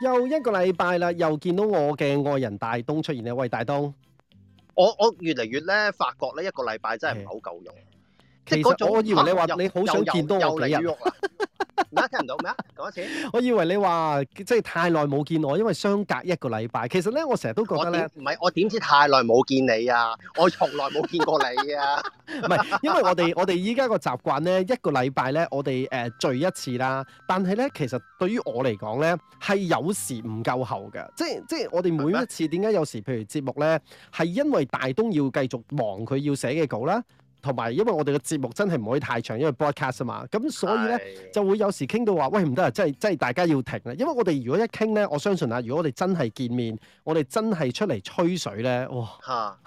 又一個禮拜啦，又見到我嘅愛人大東出現。你喂，大東，我我越嚟越咧，發覺呢一個禮拜真係唔係好夠用。其實我以為你話你好想見到我幾日。 唔聽唔到咩啊？講多次。我以為你話即係太耐冇見我，因為相隔一個禮拜。其實咧，我成日都覺得咧，唔係我，我點知太耐冇見你啊？我從來冇見過你啊！唔 係，因為我哋我哋依家個習慣咧，一個禮拜咧，我哋誒聚一次啦。但係咧，其實對於我嚟講咧，係有時唔夠後嘅。即係即係我哋每一次點解嗎有時譬如節目咧，係因為大東要繼續忙佢要寫嘅稿啦。同埋，因為我哋嘅節目真係唔可以太長，因為 broadcast 啊嘛，咁所以咧的就會有時傾到話，喂唔得啊！真係真係大家要停啦，因為我哋如果一傾咧，我相信啊，如果我哋真係見面，我哋真係出嚟吹水咧，哇嚇哈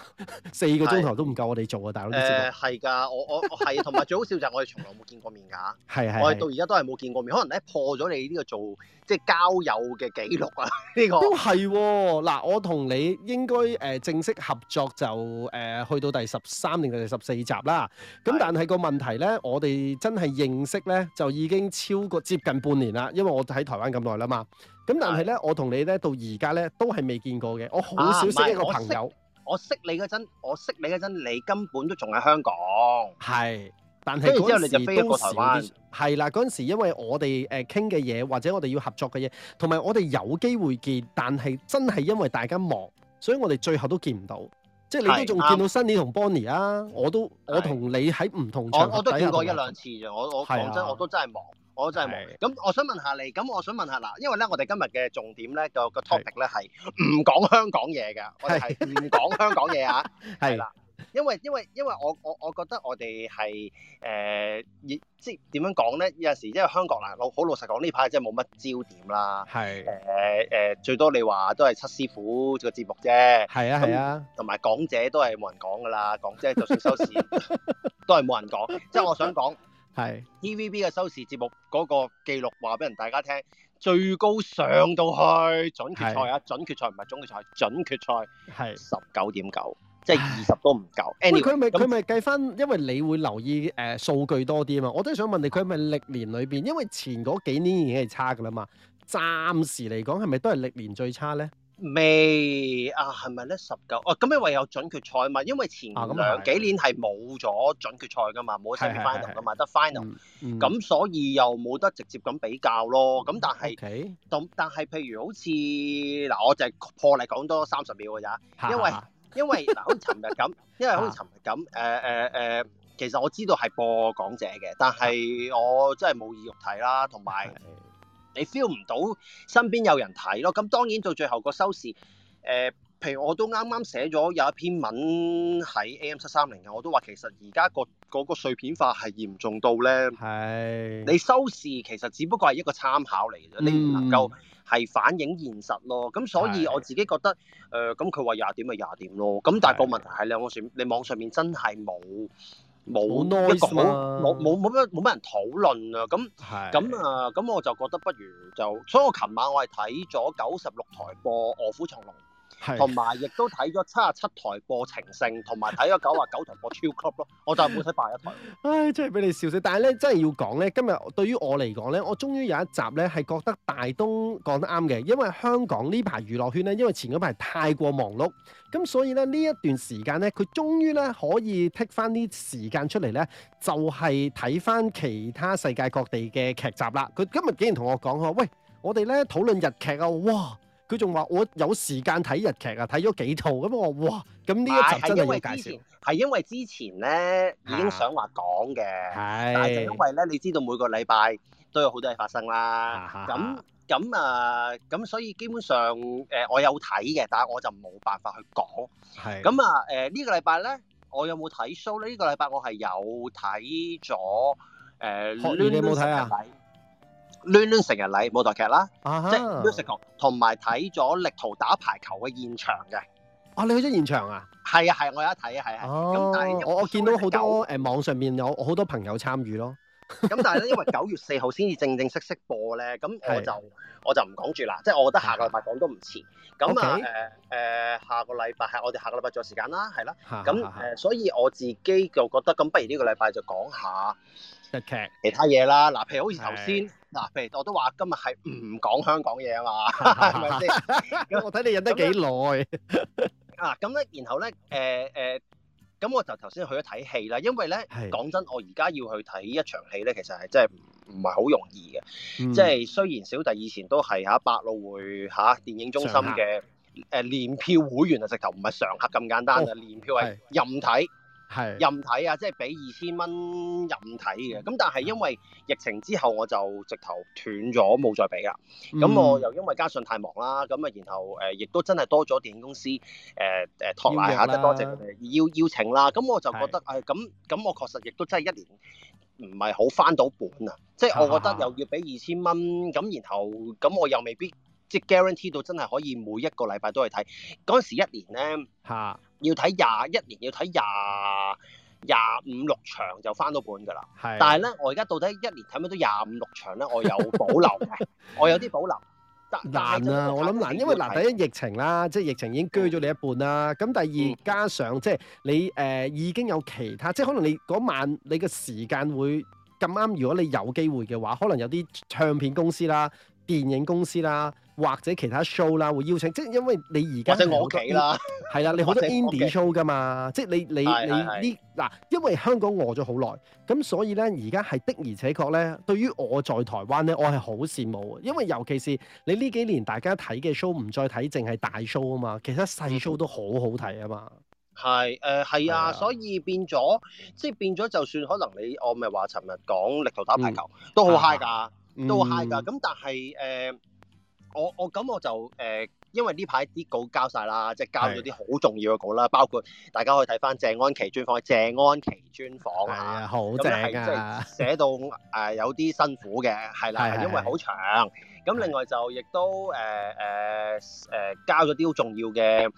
四個鐘頭都唔夠我哋做啊！的大佬，誒係㗎，我我係，同埋最好笑就係我哋從來冇見過面㗎，係係 的，我哋到而家都係冇見過面，可能咧破咗你呢個做即係交友嘅記錄啊！呢個都係嗱，我同你應該誒正式合作就誒、呃、去到第十三定係第十四集。啦，咁但係個問題呢，我哋真係認識呢，就已經超過接近半年啦。因為我喺台灣咁耐啦嘛，咁但係呢，係，我同你呢，到而家呢，都係未見過嘅。我好少識一個朋友。啊、唔係，我識，我識你嗰陣，我識你嗰陣，你根本都仲喺香港。係，但係嗰陣時之後你就飛過台灣。係啦，嗰陣時因為我哋誒傾嘅嘢，或者我哋要合作嘅嘢，同埋我哋有機會見，但係真係因為大家忙，所以我哋最後都見唔到。即係你都仲見到 Shelly 對同 Bonnie 啊！我都對我同你喺唔同場我，我我都見過一兩次咋和。我我講真，我都真係忙，是啊、我都真係忙。咁是、啊、我想問下你，咁我想問下嗱，因為咧我哋今日嘅重點咧就、嗰個 topic 咧係唔講香港嘢㗎，我哋係唔講香港嘢啊，係啦。因為因為因為我我我覺得我哋係誒即係點樣講咧？有陣時因為香港啊，我好老實講呢排真係冇乜焦點啦。係誒誒，最多你話都係七師傅個節目啫。係啊係啊，同埋港姐都係冇人講㗎啦，港姐就算收視都係冇人講。即係我想講係 TVB 嘅收視節目嗰個記錄話俾人大家聽，最高上到去準決賽啊！準決賽唔係總決賽，準決賽係十九點九。即係二十都唔夠。佢咪佢咪計翻，因為你會留意誒、呃、數據多啲啊嘛。我都係想問你，佢係咪歷年裏邊，因為前嗰幾年已經係差㗎啦嘛。暫時嚟講係咪都係歷年最差咧？未啊，係咪咧？十九哦，咁你唯有準決賽嘛，因為前兩、啊、幾年係冇咗準決賽㗎嘛，冇睇翻喺㗎嘛，得 final 咁、嗯，嗯、所以又冇得直接咁比較咯。咁但係、嗯 okay. 但係，譬如好似嗱，我就係破例講多三十秒㗎咋，因為。 因為嗱，好似尋日咁，因為好似尋日咁，誒誒誒，其實我知道係播港姐嘅，但係我真係冇意欲睇啦，同埋你 feel 唔到身邊有人睇咯。咁當然到最後個收視，誒、呃。譬如我都啱啱寫咗有一篇文喺 A.M. 七三零嘅，我都話其實而家個嗰碎片化係嚴重到咧，係是你收視其實只不過係一個參考嚟嘅，你唔能夠係反映現實咯。咁是所以我自己覺得誒，咁佢話廿點咪廿點咯。咁但係個問題係你網上你網上邊真係冇冇 noise 冇冇冇乜冇乜人討論啊。咁咁啊，咁是、呃、我就覺得不如就所以我琴晚我係睇咗九十六台播《臥虎藏龍》。同埋亦都睇咗七十七台播情性，同埋睇咗九十九台播超級咯，我就唔使睇八一台。唉，真係俾你笑死！但係咧，真係要講咧，今日對於我嚟講咧，我終於有一集咧係覺得大東講得啱嘅，因為香港呢排娛樂圈咧，因為前嗰排太過忙碌，咁所以咧呢一段時間咧，佢終於咧可以剔翻啲時間出嚟咧，就係睇翻其他世界各地嘅劇集啦。佢今日竟然同我講，佢話，喂，我哋咧討論日劇啊！哇！佢仲話我有時間睇日劇啊，睇咗幾套咁我哇，咁呢一集真係要介紹。係因為之前咧已經想話講嘅，啊、但係就因為咧，你知道每個禮拜都有好多嘢發生啦。咁咁啊，啊，咁所以基本上誒、呃、我有睇嘅，但係我就冇辦法去講。係咁是的 啊誒、呃這個、呢個禮拜咧，我有冇睇 show 咧？呢、這個禮拜我係有睇咗誒。呃、學賢你有冇睇啊？攣攣成日睇舞台劇啦，即係 musical，同埋睇咗力圖打排球嘅現場嘅。啊，你去咗現場啊？係啊係，我有一睇啊係啊。咁但係我我見到好多誒網上面有好多朋友參與咯。咁但係咧，因為九月四號先至正正式式播咧，咁我就我就唔講住啦。即係我覺得下個禮拜講都唔遲。咁啊誒誒，下個禮拜係我哋下個禮拜再有時間啦，係啦。咁誒，所以我自己就覺得咁，不如呢個禮拜就講下。劇其他嘢啦，嗱，譬如好似頭先，嗱的，譬如我都話今日係唔講香港嘢啊嘛，係咪先？咁我睇你忍得幾耐 啊！咁咧，然後咧，誒、呃、誒，咁、呃、我就頭先去咗睇戲啦。因為咧，講的真，我而家要去睇一場戲咧，其實係真係唔係好容易嘅。即係的雖然小弟以前都係嚇百老匯嚇電影中心嘅誒年票會員啊，直頭唔係常客咁簡單啊，年、哦、票係任睇。的係是任睇啊，即係俾二千蚊任睇嘅。咁、嗯、但係因為疫情之後，我就直頭斷咗，冇再俾啦。咁、嗯、我又因為加上太忙啦，咁啊，然後誒，亦、呃、都真係多咗電影公司誒誒託賴下，即、呃呃、多謝佢哋邀邀請啦。咁我就覺得誒，咁咁是、哎、我確實亦都真係一年唔係好翻到本啊。即係我覺得又要俾二千蚊，咁然後咁我又未必即係、就是、guarantee 到真係可以每一個禮拜都去睇。嗰陣時一年咧嚇。要睇廿一年，要睇廿廿五六場就返到本㗎喇。係，是啊、但係咧，我而家到底一年睇咩都廿五六場咧，我有保留， 我有啲保留。難啊！我諗難，因為嗱，看 第一疫情啦，即係疫情已經鋸咗你一半啦。咁、嗯、第二加上即係你誒、呃、已經有其他，即係可能你嗰晚你嘅時間會咁啱。如果你有機會嘅話，可能有啲唱片公司啦、電影公司啦。或者其他 show 啦，會邀請，即係因為你而家即我屋企啦，係啦、 啊，你好多 indie show 㗎嘛，即係你你你呢嗱，因為香港餓咗好耐，咁所以咧而家係的而且確咧，對於我在台灣咧，我係好羨慕，因為尤其是你呢幾年大家睇嘅 show 唔再睇，淨係大 show 啊嘛，其實細 show 都好好睇啊嘛，係誒係啊，啊所以變咗即係變咗，就算可能你我咪話尋日講力圖打排球、嗯、都好 high 㗎，嗯、都 high 㗎，咁但係誒。呃我我咁我就誒、呃，因為呢排啲稿交晒啦，即係交咗啲好重要嘅稿啦，的包括大家可以睇翻謝安琪專訪，謝安琪專訪嚇，好正啊，寫到誒、呃、有啲辛苦嘅，係啦，的因為好長。咁的另外就亦都誒誒誒交咗啲好重要嘅。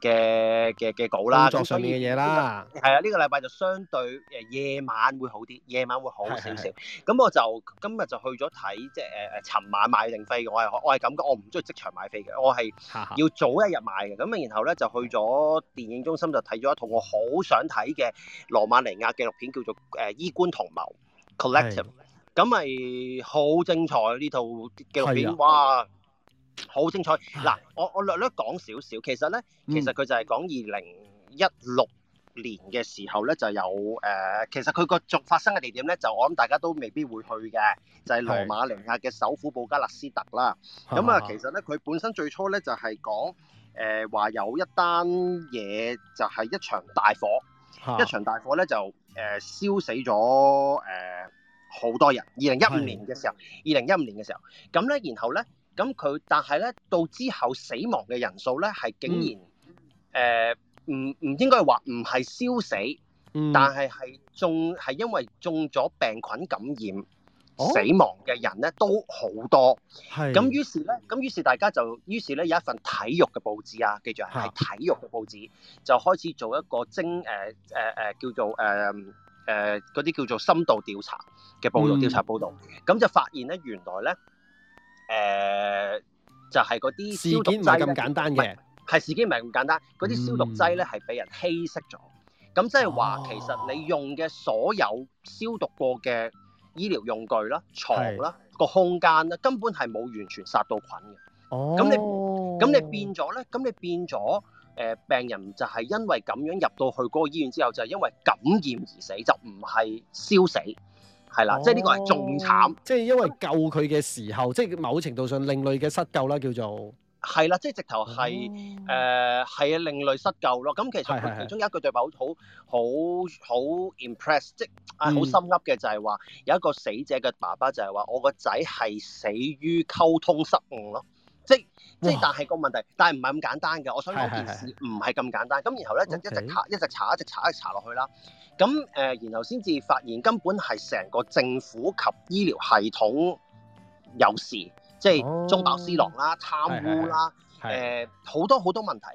嘅嘅嘅稿啦，咁上面嘅嘢啦，係啊，呢、這個禮拜、這個這個、就相對誒夜晚會好啲，夜晚會好少少。咁我就今日就去咗睇，即係誒誒尋晚買定飛，我係我係感覺，我唔中意即場買飛嘅，我係要早一日買嘅。咁哈然後咧就去咗電影中心就睇咗一套我好想睇嘅羅馬尼亞紀錄片，叫做《誒、呃、衣冠同謀》，Collective。咁咪好精彩呢套紀錄片，啊、哇！好精彩嗱，我我略略講少少。其實咧，其實佢就係講二零一六年嘅時候咧，就有誒、呃，其實佢個發發生嘅地點咧，就我諗大家都未必會去嘅，就係、是、羅馬尼亞嘅首府布加勒斯特啦。咁啊的、嗯，其實咧，佢本身最初咧就係講誒，話、呃、有一單嘢就係、是、一場大火，的一場大火咧就誒燒、呃、死咗誒好多人。二零一五年嘅時候，二零一五年嘅時候，咁咧然後咧。咁佢，但係咧，到之後死亡嘅人數咧，係竟然誒唔唔應該話唔係燒死，嗯、但係係中係因為中咗病菌感染、哦、死亡嘅人咧，都好多。係咁於是咧，咁於是，是大家就於是咧有一份體育嘅報紙啊，記住係體育嘅報紙哈就開始做一個精誒誒誒叫做誒誒嗰啲叫做深度調查嘅報道調查報道，咁、嗯、就發現咧，原來咧。誒、呃，就係嗰啲消毒劑咁簡單嘅，係事件唔係咁簡單。嗰啲消毒劑咧係俾人稀釋咗，咁即係話其實你用嘅所有消毒過嘅醫療用具啦、床啦、個是空間啦，根本係冇完全殺到菌嘅。哦，咁你咁你變咗咧，咁你變咗誒、呃、病人就係因為咁樣入到去嗰個醫院之後，就係、是、因為感染而死，就唔係燒死。係啦，即係呢個係仲慘，即係因為救佢嘅時候，即係某程度上另類嘅失救啦，叫做係啦，即係直頭係誒係啊，另類失救咯。咁其實佢其中有一句對白好好好好 impress，即係好深噏嘅就係話有一個死者嘅爸爸就係話我個仔係死於溝通失誤咯，即係即係但係個問題，但係唔係咁簡單嘅。我想講件事唔係咁簡單。咁然後咧就一直查，一直查，一直查，一直查落去啦。咁誒、呃，然後先至發現根本係成個政府及醫療系統有事，即係中飽私囊啦、啊、貪污啦、啊，誒好、哦呃、多好多問題。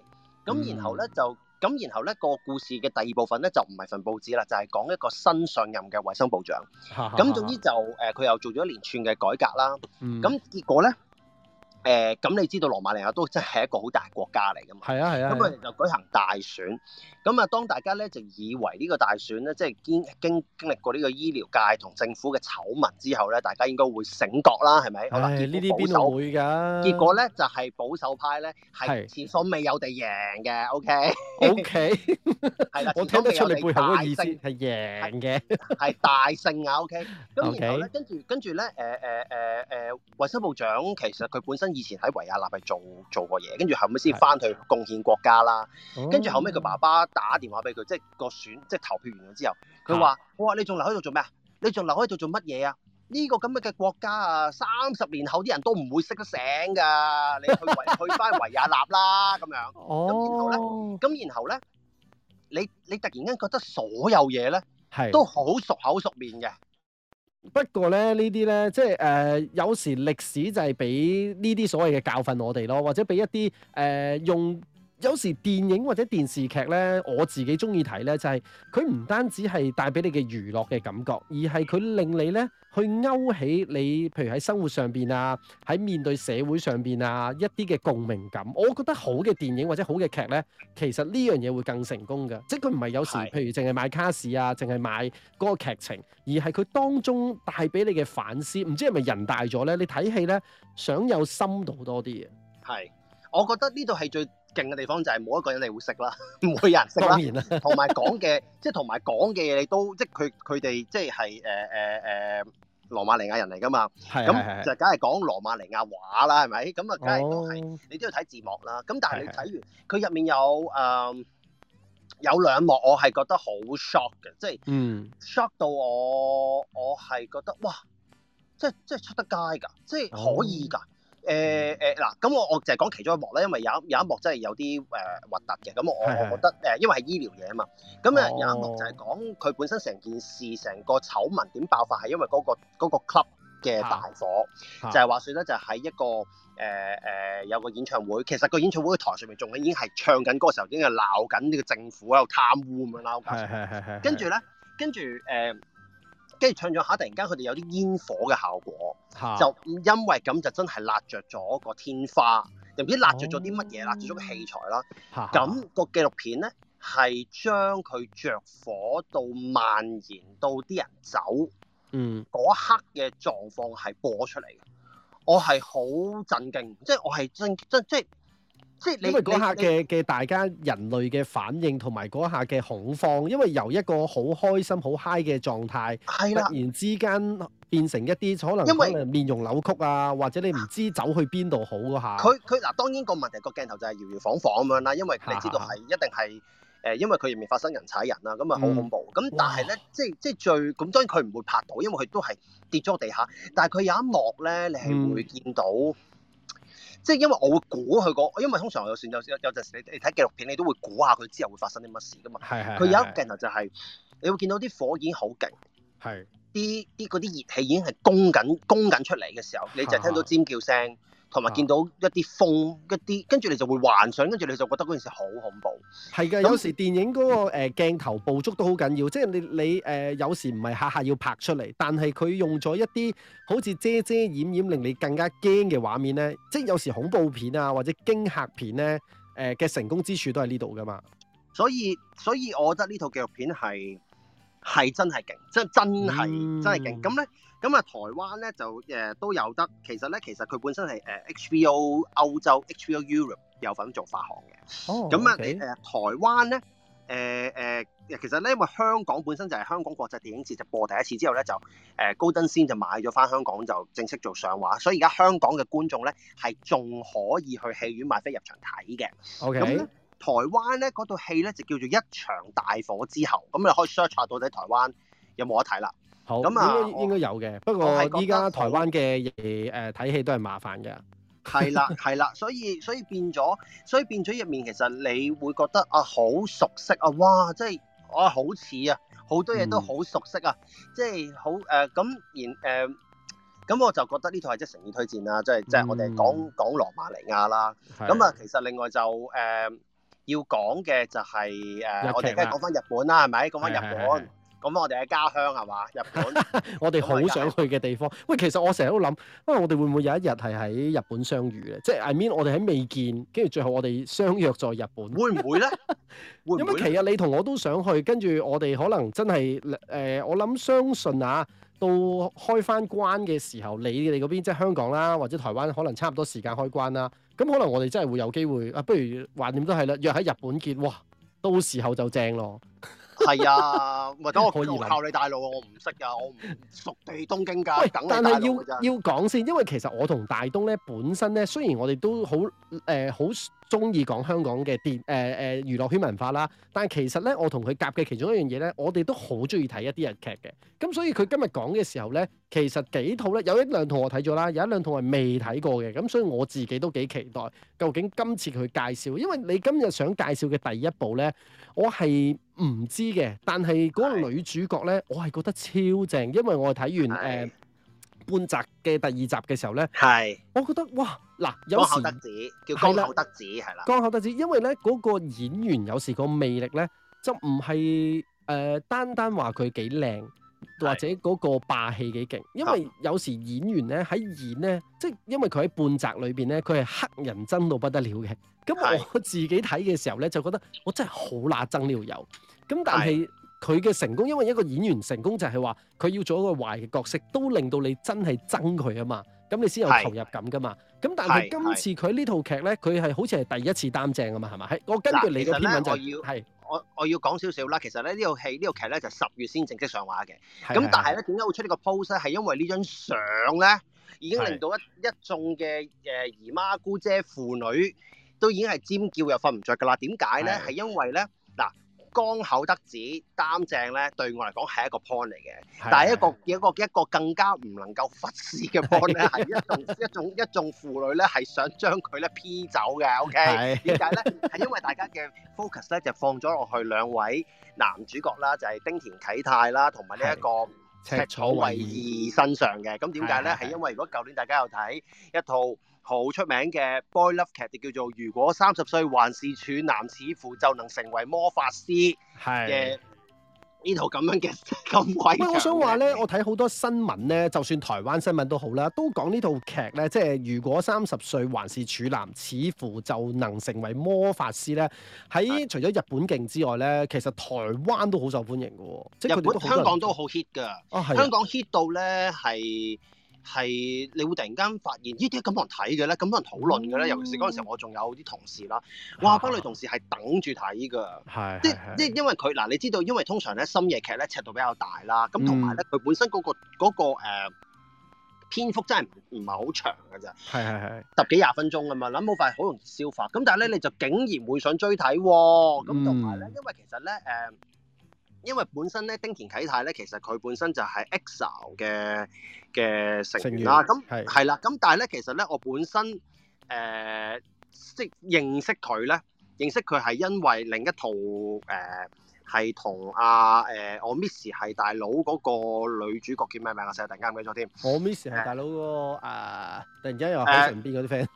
咁、嗯、然後呢就，咁然後呢個故事嘅第二部分呢，就唔係份報紙啦，就係、是、講一個新上任嘅衛生部長。咁總之就誒，佢、呃、又做咗一連串嘅改革啦。咁、嗯、結果呢。誒咁，你知道羅馬尼亞都真係一個好大國家嚟㗎嘛？係啊係啊。咁佢就舉行大選。咁啊，當大家咧就以為呢個大選咧，即係經經經歷過呢個醫療界同政府嘅醜聞之後咧，大家應該會醒覺啦，係咪？好啦呢啲邊會㗎？結果咧就係保守派咧係前所未有地贏嘅。O K O K 係啦，我聽得出你背後嘅意思係贏嘅，係大勝啊。O K 咁然後咧，跟住跟住咧，誒誒誒誒，衞生部長其實佢本身。以前喺維也納係做做過嘢，跟住後尾先翻去貢獻國家啦。跟住、哦、後尾，佢爸爸打電話俾佢，即係個選，即係投票完咗之後，佢話：我話你仲留喺度做咩啊？你仲留喺度做乜嘢啊？呢、這個咁樣嘅國家啊，三十年後啲人都唔會識得醒噶。你去去翻維也納啦，咁 樣。哦。咁然後咧，咁然後咧，你你突然間覺得所有嘢咧，係是都好熟口熟面嘅。不過呢啲咧，即係、呃、有時歷史就係俾呢啲所謂嘅教訓我哋咯，或者俾一啲、呃、用。有時電影或者電視劇咧，我自己中意睇咧，就係佢唔單止係帶俾你嘅娛樂嘅感覺，而係佢令你咧去勾起你，譬如喺生活上邊啊，喺面對社會上邊啊一啲嘅共鳴感。我覺得好嘅電影或者好嘅劇咧，其實呢樣嘢會更成功嘅，即係佢唔係有時是譬如淨係賣卡 a 啊，淨係賣嗰個劇情，而係佢當中帶俾你嘅反思。唔知係咪人大咗咧？你睇戲咧想有深度多啲嘅。係，我覺得呢度係最。勁嘅地方就係冇一個人你會識啦，唔會有人識啦，同埋然講嘅即係同埋講嘅嘢你都即係佢佢哋即係係誒誒誒羅馬尼亞人嚟㗎嘛，咁是就梗係講羅馬尼亞話啦，係咪？咁啊，梗係都係你都要睇字幕啦。咁但係你睇完佢入是是 面有誒、呃、有兩幕我係覺得好 shock 嘅，即、就、係、是嗯、shock 到我我係覺得哇！即係即係出得街㗎，即係可以㗎。嗯嗯誒誒嗱，咁、嗯欸、我我就係講其中一幕咧，因為有有一幕真係有啲誒核突嘅，咁我我覺得誒，的因為係醫療嘢啊嘛，咁啊有一個幕就係講佢本身成件事成個醜聞點爆發，係因為嗰、嗰個嗰個 club 嘅大火，啊、就係話説咧，就喺一個誒誒、呃呃、有個演唱會，其實個演唱會嘅台上面仲係已經係唱緊歌嘅時候，已經係鬧緊呢個政府喺度貪污咁樣啦，好搞笑的的跟住咧，跟住誒。呃跟住唱咗下，突然間佢哋有啲煙火嘅效果，哈就因為咁就真係辣着咗個天花，又唔知辣着咗啲乜嘢，焫、哦、着咗個器材啦。咁哈、嗰個紀錄片咧係將佢着火到蔓延到啲人走嗰、嗯、刻嘅狀況係播出嚟。我係好震驚，即係我係真真即係。即即因為嗰下嘅嘅大家人類嘅反應同埋嗰下嘅恐慌，因為由一個好開心好嗨 i g h 嘅狀態，突然之間變成一啲可能因面容扭曲啊，或者你唔知走去邊度好下。佢佢嗱，當然個問題個鏡頭就係遙遙晃晃咁樣啦，因為你知道係一定係誒，因為佢入面發生人踩人啊，咁啊好恐怖。咁但係咧哇，即係即係最咁，當然佢唔會拍到，因為佢都係跌咗地下。但係佢有一幕咧，你係會見到。嗯即係因為我會估佢個，因為通常有時有有陣時，你你睇紀錄片，你都會估下佢之後會發生啲乜事㗎嘛。係係。佢有一鏡頭就係、是，你會見到啲火已經好勁，係是是，啲啲啲熱氣已經係攻緊攻緊出嚟嘅時候，你就聽到尖叫聲。是是是同埋見到一啲風一啲，跟住你就會幻想，跟住你就覺得嗰件事好恐怖。係嘅，嗯，有時電影嗰個誒、呃、鏡頭捕捉都好緊要，即係你你誒、呃、有時唔係下下要拍出嚟，但係佢用咗一啲好似遮遮掩掩掩令你更加驚嘅畫面咧，即係有時恐怖片啊或者驚嚇片咧誒嘅成功之處都喺呢度㗎嘛。所以所以我覺得呢套紀錄片係係真係勁，真係真係真係勁咁咧。嗯。咁啊，台灣咧就誒、呃、都有得，其實咧其實佢本身係誒、呃、HBO 歐洲 HBO Europe 有份做發行嘅。哦，咁啊誒台灣咧誒誒其實咧因為香港本身就係香港國際電影節就播第一次之後咧就誒高登先就買咗翻香港就正式做上畫，所以而家香港嘅觀眾咧係仲可以去戲院買飛入場睇嘅。OK，咁台灣咧嗰套戲咧就叫做《一場大火之後》，咁你可以 search 下到底台灣有冇得睇啦。好，咁啊，應該有嘅。不過依家台灣嘅誒睇戲都係麻煩嘅。係啦， 係啦，所以所以變咗，所以變咗入面，其實你會覺得啊，好熟悉啊，哇！即係啊，嗯、好似、呃、啊，好多嘢都好熟悉啊，即係好誒咁然誒咁，我就覺得呢套係即係誠意推薦啦，即係即係我哋講、嗯、講羅馬尼亞啦。咁啊的，其實另外就誒、啊、要講嘅就係、是、誒、啊，我哋梗係講翻日本啦，係咪？講翻日本。咁我哋喺家鄉係嘛日本？ 我哋好想去嘅地方。喂，其實我成日都諗，啊，我哋會唔會有一日係喺日本相遇咧？即係 I mean，我哋喺未見，跟住最後我哋相約在日本。會唔會咧？因為 其實你同我都想去，跟住我哋可能真係誒、呃，我諗相信啊，到開翻關嘅時候，你哋嗰邊即係香港啦，或者台灣，可能差唔多時間開關啦。咁可能我哋真係會有機會啊！不如橫掂都係啦，約喺日本見，哇，到時候就正咯～係啊，咪嗰個靠靠你大路啊，我唔識啊，我唔熟地東京㗎。喂，但係要要講先，因為其實我同大東呢，本身呢，雖然我哋都好誒好。呃中意講香港嘅電誒誒娛樂圈文化啦，但係其實咧，我同佢夾嘅其中一樣嘢咧，我哋都好中意睇一啲日劇嘅。咁所以佢今日講嘅時候咧，其實幾套咧，有一兩套我睇咗啦，有一兩套我未睇過嘅。咁所以我自己都幾期待，究竟今次佢介紹，因為你今日想介紹嘅第一部咧，我係唔知嘅，但係嗰個女主角咧，我係覺得超正，因為我睇完誒。呃半澤嘅第二集嘅時候咧，係是我覺得哇嗱，有時叫江口德子，係啦，江口德子，因為咧嗰、那個演員有時個魅力咧，就唔係誒單單話佢幾靚或者嗰個霸氣幾勁，因為有時演員咧喺演咧，即係因為佢喺半澤裏邊咧，佢係黑人憎到不得了嘅。咁我自己睇嘅時候咧，就覺得我真係好乸憎呢條友。咁但係是佢嘅成功，因為一個演員成功就係話，佢要做一個壞嘅角色，都令到你真係憎佢啊嘛，咁你先有投入感噶嘛。咁但係今次佢呢套劇咧，佢係好似係第一次擔正啊嘛，係咪？我根據你嘅篇文就係、是、我要是我，我要講少少啦。其實咧呢套戲呢套劇咧就十月先正式上畫嘅，咁但係咧點解會出個呢個 pose？係因為張呢張相咧已經令到一是一眾嘅誒姨媽姑姐婦女都已經係尖叫又瞓唔着噶啦。點解咧？係因為咧。江口德子擔正咧，對我嚟講係一個 point 嚟嘅。但係一個一個一個更加唔能夠忽視嘅 point 咧，係一眾一眾一眾婦女咧係想將佢咧 P 走嘅。OK，點解咧？係因為大家嘅 focus 咧就放咗落去兩位男主角啦，就係町田啓太啦，同埋呢一個赤楚衛二身上嘅。咁點解咧？係因為如果舊年大家有睇一套。好出名嘅 boy love 劇就叫做《如果三十歲還是處男，似乎就能成為魔法師》嘅呢的套咁樣嘅咁鬼，我想話呢，我睇好多新聞呢，就算台灣新聞都好啦，都講呢套劇呢，即係如果三十歲還是處男，似乎就能成為魔法師呢，喺除咗日本勁之外呢，其實台灣都好受歡迎嘅喎，日本即係香港都好 hit 㗎，哦、香港 hit 到呢係。係，你會突然間發現，呢啲咁多人睇嘅咧，咁多人討論嘅咧，尤其是嗰陣時候我仲有啲同事啦，哇，班女是同事係等住睇噶，是是是即即是因為佢嗱，你知道因為通常咧深夜劇咧尺度比較大啦，咁同埋咧佢本身嗰、嗰個嗰篇幅真係唔唔係好長嘅咋，係係係十幾廿分鐘啊嘛，諗好快，好容易消化，咁但係咧你就竟然會想追睇喎、啊，咁同埋咧因為其實咧誒。呃因為本身咧，町田啓太咧，其實佢本身就係 Excel 嘅嘅成員啦。咁係啦，咁但係咧，其實咧，我本身誒識認識佢咧，認識佢係因為另一套誒係同阿誒我 Miss 係大佬嗰個女主角叫咩名啊？成日突然間唔記得咗添。我 Miss 係大佬嗰個啊，突然間又開前邊嗰啲 friend。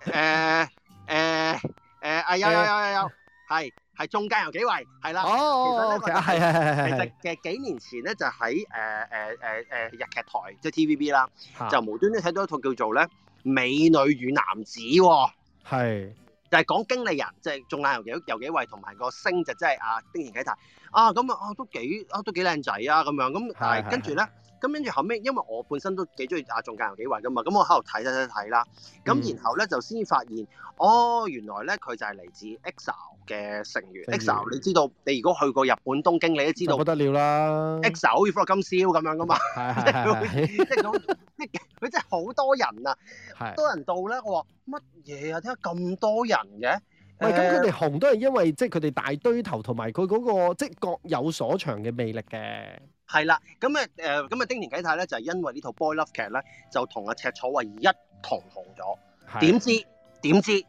誒誒誒，啊有有有有有，係。係中間有幾位，係啦。哦，oh oh okay。其實咧，係其實嘅幾年前咧，就喺誒誒誒誒日劇台，即係 TVB 啦，Yoda 就無端 Wright，就無端端睇到一套叫做咧《美女與男子》喎。係 Yoda 是，就係講經理人，即係中間有幾又幾位，同埋個星就真、是、係啊町田啓太啊咁啊啊都幾啊都幾靚仔啊咁樣咁、嗯 Yoda Yoda Yoda 啊，但係跟住咧。咁跟住後尾，因為我本身都幾中意阿仲介有幾位噶嘛，咁我喺度睇睇睇睇啦。咁然後咧就先發現，哦原來咧佢就係嚟自 EXILE 嘅成員。EXILE 員你知道，你如果去過日本東京，你都知道。不得了啦！EXILE 好似《快樂今宵》咁樣噶嘛。係係佢即係好，即佢真係好多人啊！ 多人到咧，我話乜嘢啊？點解咁多人嘅？喂，係，咁佢哋紅都係因為即係佢哋大堆頭同埋佢嗰個即係各有所長嘅魅力嘅。係啦，咁啊誒，咁、嗯、啊町田啓太咧就係因為呢套《Boy Love》劇咧就同阿赤楚慧一同紅咗。點知點知？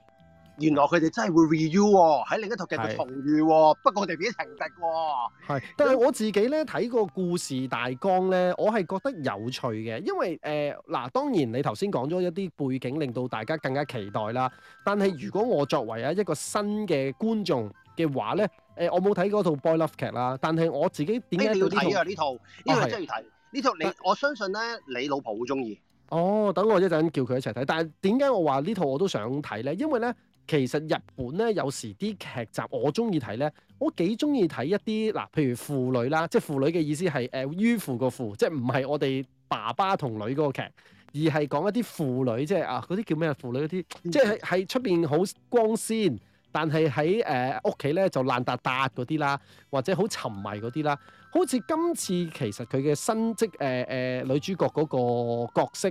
原來佢哋真係會 re you 喎、哦，喺另一套劇度重遇喎、哦，是不過我哋變咗情敵喎。但係我自己咧睇個故事大綱咧，我係覺得有趣嘅，因為誒嗱、呃，當然你頭先講咗一啲背景，令到大家更加期待啦。但係如果我作為一個新嘅觀眾嘅話咧，誒、呃、我冇睇嗰套 boy love 劇啦，但係我自己點解、欸、要睇啊？呢套呢套真要睇，呢、哦啊、套你但 我相信咧，你老婆好中意。哦，等我一陣叫佢一齊睇。但係點解我話呢套我都想睇咧？因為咧。其實日本咧有時啲劇集我中意睇咧，我幾中意睇一啲嗱，譬如腐女啦，即係腐女嘅意思係誒迂腐個腐，即係唔係我哋爸爸同女嗰個劇，而係講一啲腐女，即係啊嗰啲叫咩腐女嗰啲，即係喺出邊好光鮮，但係喺誒屋企咧就爛達達嗰啲啦，或者好沉迷嗰啲啦。好似今次其實佢嘅新職誒誒女主角嗰個角色，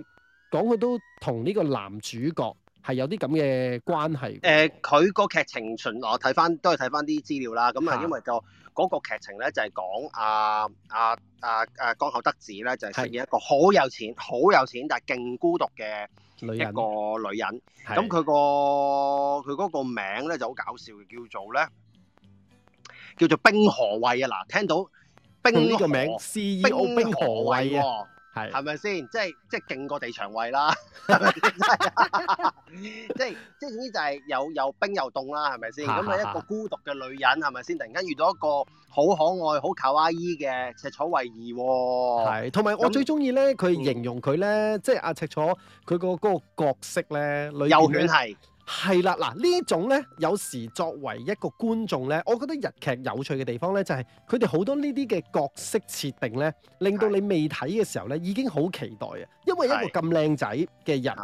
講佢都同呢個男主角。係有啲咁嘅關係。誒、呃，佢、啊那個劇情循我睇翻都係睇翻啲資料啦。咁啊，因為個嗰個劇情咧就係講阿阿阿阿江口德子咧，就係飾演一個好有錢、好的有錢，有錢但係勁孤獨嘅一個女人。咁佢人的、那個佢嗰個名咧就好搞笑嘅，叫做咧叫做冰河惠啊！嗱，聽到冰呢個名 CEO 冰河惠。係，係咪先？即係即係勁過地長位啦，係咪 即係即係，總之就係又有冰又凍啦，係咪先？咁啊，一個孤獨嘅女人係咪先？突然間遇到一個好可愛、好卡哇伊嘅赤楚衛二喎。係，同埋我最鍾意咧，佢那形容佢咧，即係阿、啊、赤楚，佢、嗯那個嗰、那個、角色咧，裏面有犬係。係啦，嗱呢種咧，有時作為一個觀眾咧，我覺得日劇有趣嘅地方咧，就係佢哋好多呢啲嘅角色設定咧，令到你未睇嘅時候咧，已經好期待啊！因為一個咁靚仔嘅人，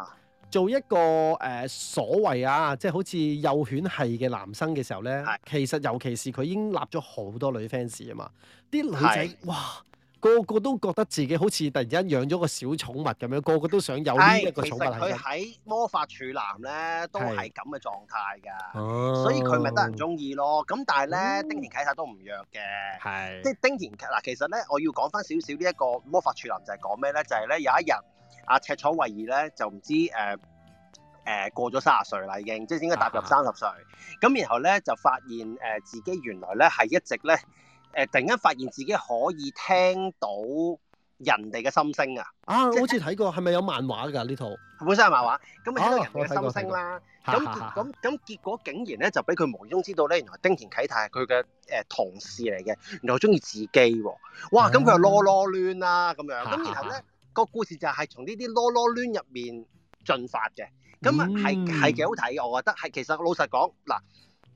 做一個誒、呃、所謂啊，即係好似幼犬系嘅男生嘅時候咧，其實尤其是佢已經立咗好多女 fans 啊嘛，啲女仔的哇！個個都覺得自己好似突然間養咗個小寵物咁樣，個個都想有呢一個寵物，其實佢喺魔法處男咧都係咁嘅狀態㗎，哦、所以佢咪得人中意咯。咁但係咧，哦、町田啓太都唔弱嘅，即係是町田嗱。其實咧，我要講翻少少呢一點點個魔法處男就係講咩咧？就係、是、咧有一日阿赤楚衛二咧就唔知誒誒、呃呃、過咗卅歲啦已經，即係應該踏入三十歲。咁、啊、然後咧就發現誒自己原來咧係一直咧。誒，突然間發現自己可以聽到人哋嘅心聲啊！啊，我好似睇過，係咪有漫畫㗎呢套？本身係漫畫咁，聽到人哋嘅心聲啦。咁咁咁，結果竟然咧就俾佢無意中知道咧，原來町田啓太係佢嘅誒同事嚟嘅，然後中意自己喎。哇！咁佢又囉囉攣啊咁樣。咁然後咧個故事就係從呢啲囉囉攣入面進發嘅。咁啊，係係幾好睇嘅，我覺得係。其實老實講嗱，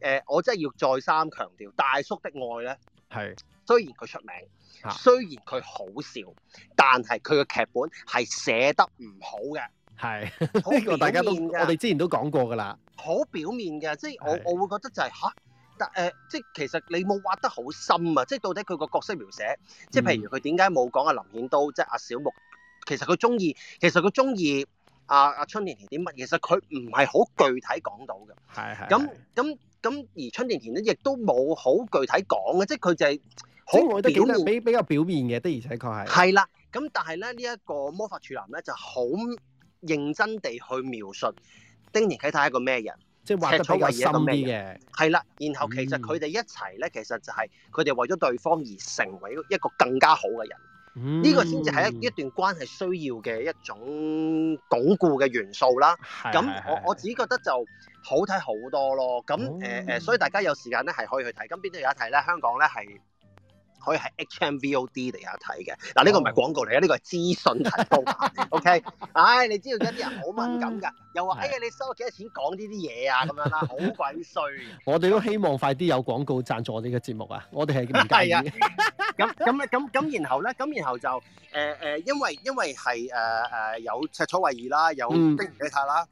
誒，我真係要再三強調，大叔的愛咧。係，是雖然佢出名，雖然佢好笑，但係佢嘅劇本係寫得唔好嘅。係是，呢 個大家都我哋之前都講過噶啦。好表面嘅，即係我是我會覺得就係、是、吓，但、啊、誒、呃，即係其實你冇畫得好深啊！即係到底佢個角色描寫，即係譬如佢點解冇講阿林顯都，嗯、即係阿小木，其實佢中意，其實佢中意。阿阿、啊、春田田啲乜，其實佢唔係好具體講到嘅。係係。咁咁咁，而春田田咧，亦都冇好具體講嘅，即係佢就係、是，好即係得表面，比比較表面嘅，的而且確係。係啦，咁但係咧，呢、這、一個魔法柱男咧，就好認真地去描述町田啓太係一個咩人，即係畫得比較深啲嘅。係啦，然後其實佢哋一齊咧，嗯、其實就係佢哋為咗對方而成為一個更加好嘅人。呢、嗯、個先至係一一段關係需要嘅一種鞏固嘅元素啦。咁是我我自己覺得就好睇好多咯。咁誒誒，所以大家有時間咧係可以去睇。咁邊度有一睇咧？香港咧係？可以喺 HMVOD 嚟睇嘅嗱，呢、這個唔係廣告嚟嘅，呢、這個係資訊提供。O K，唉，你知道一啲人好敏感㗎，又話哎呀，你收幾多錢講呢啲嘢啊咁樣啦，好鬼衰。 我哋都希望快啲有廣告贊助我哋嘅節目啊！我哋係唔介意嘅。咁咁咧，咁咁然後咧，咁然後就誒誒、呃呃，因為因為係誒誒有赤楚衛二啦，有町田啓太啦，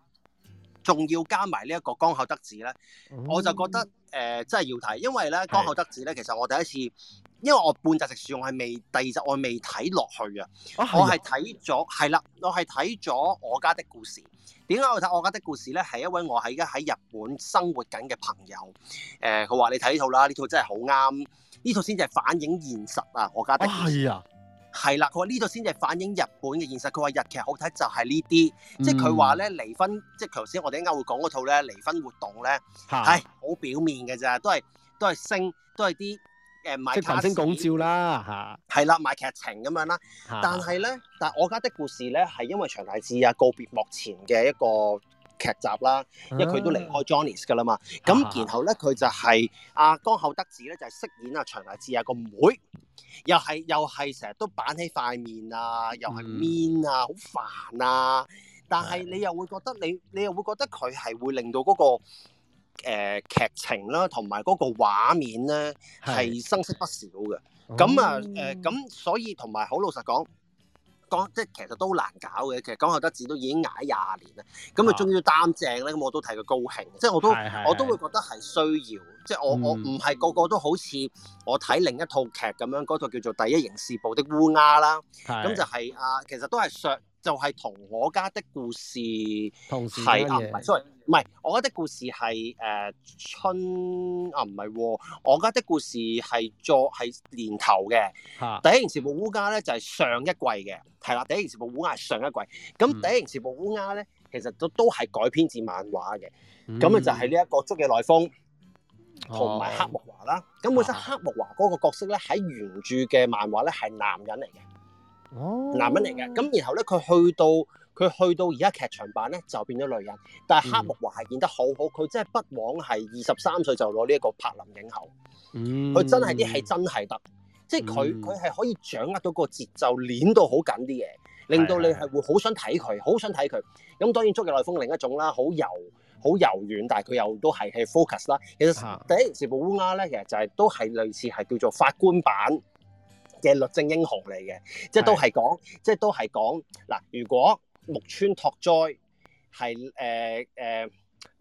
仲要加埋呢一個江口德子咧，嗯、我就覺得誒、呃、真係要睇，因為咧江口德子咧，其實我第一次。 因為我半集食完，我係未第二集我、哦我，我未睇落去啊！我係睇咗，係啦，我係睇咗《我家的故事》。點解我睇《我家的故事》咧？係一位我係而家喺日本生活緊嘅朋友，誒、呃，佢話你睇呢套啦，呢套真係好啱。呢套先至係反映現實啊，《我家的故、哦、啊，係啦。佢話呢套先至係反映日本嘅現實。佢話日劇好睇就係呢啲，即係佢話咧離婚，嗯、即係頭先我哋啱啱會講嗰套咧離婚活動咧，係好、嗯、唉表面嘅咋，都係都係星，都係啲。即賣明星廣照啦嚇，係啦，賣劇情咁樣啦哈，但係咧，但係我家的故事咧係因為長大志啊告別幕前嘅一個劇集啦，啊、因為佢都離開 Johnny 嘅啦嘛，咁、啊、然後咧佢就係、是、阿、啊、江口德子咧就係、是、飾演啊長大志啊個妹，妹，又係又係成日都板起塊面啊，又係 mean 啊，好、嗯、煩啊，但係你又會覺得你你，你又會覺得佢係會令到嗰、那個。誒，劇、呃、情啦，同埋嗰個畫面咧，係生色不少嘅。咁、嗯、啊，誒、呃，咁所以同埋好老實講，講即係其實都難搞嘅。其實《江口德子》都已經捱廿年啦，咁啊，佢終於擔正咧，咁我都睇佢高興，即係我都我都會覺得係需要。是是是即係我我唔係個個都好似我睇另一套劇咁樣，嗰套叫做《第一刑事部的烏鴉》啦，咁是就係啊，其實都係削，就係、是、同我家的故事係啊，所以。唔係，我家的故事係誒、呃、春啊，唔係、哦，我家的故事係作係年頭嘅哈、就是。第一刑事部烏鴉咧就係上一季嘅，係啦，第一刑事部烏鴉係上一季。咁第一刑事部烏鴉咧，其實都都係改編自漫畫嘅。咁啊、嗯、就係呢一個竹野內豐同埋黑木華啦。咁本、哦、身黑木華嗰個角色咧喺原著嘅漫畫咧係男人嚟嘅，哦、男人嚟嘅。咁然後咧佢去到。佢去到而家劇場版咧，就變咗女人，但係黑木華係演得好好，佢、嗯、真係不枉係二十三歲就攞呢一個柏林影后。佢、嗯、真係啲戲真係得，即係佢佢係可以掌握到個節奏，攣到好緊啲嘢，令到你係會好想睇佢，好想睇佢。咁、嗯嗯、當然《竹野內豐》另一種啦，好柔好柔軟，但係佢又都係係 focus 啦。其實第一時部烏鴉咧，其實就係、是、都係類似係叫做法官版嘅律政英雄嚟嘅，即係都係講，即係都係講嗱，如果。木村拓哉係誒誒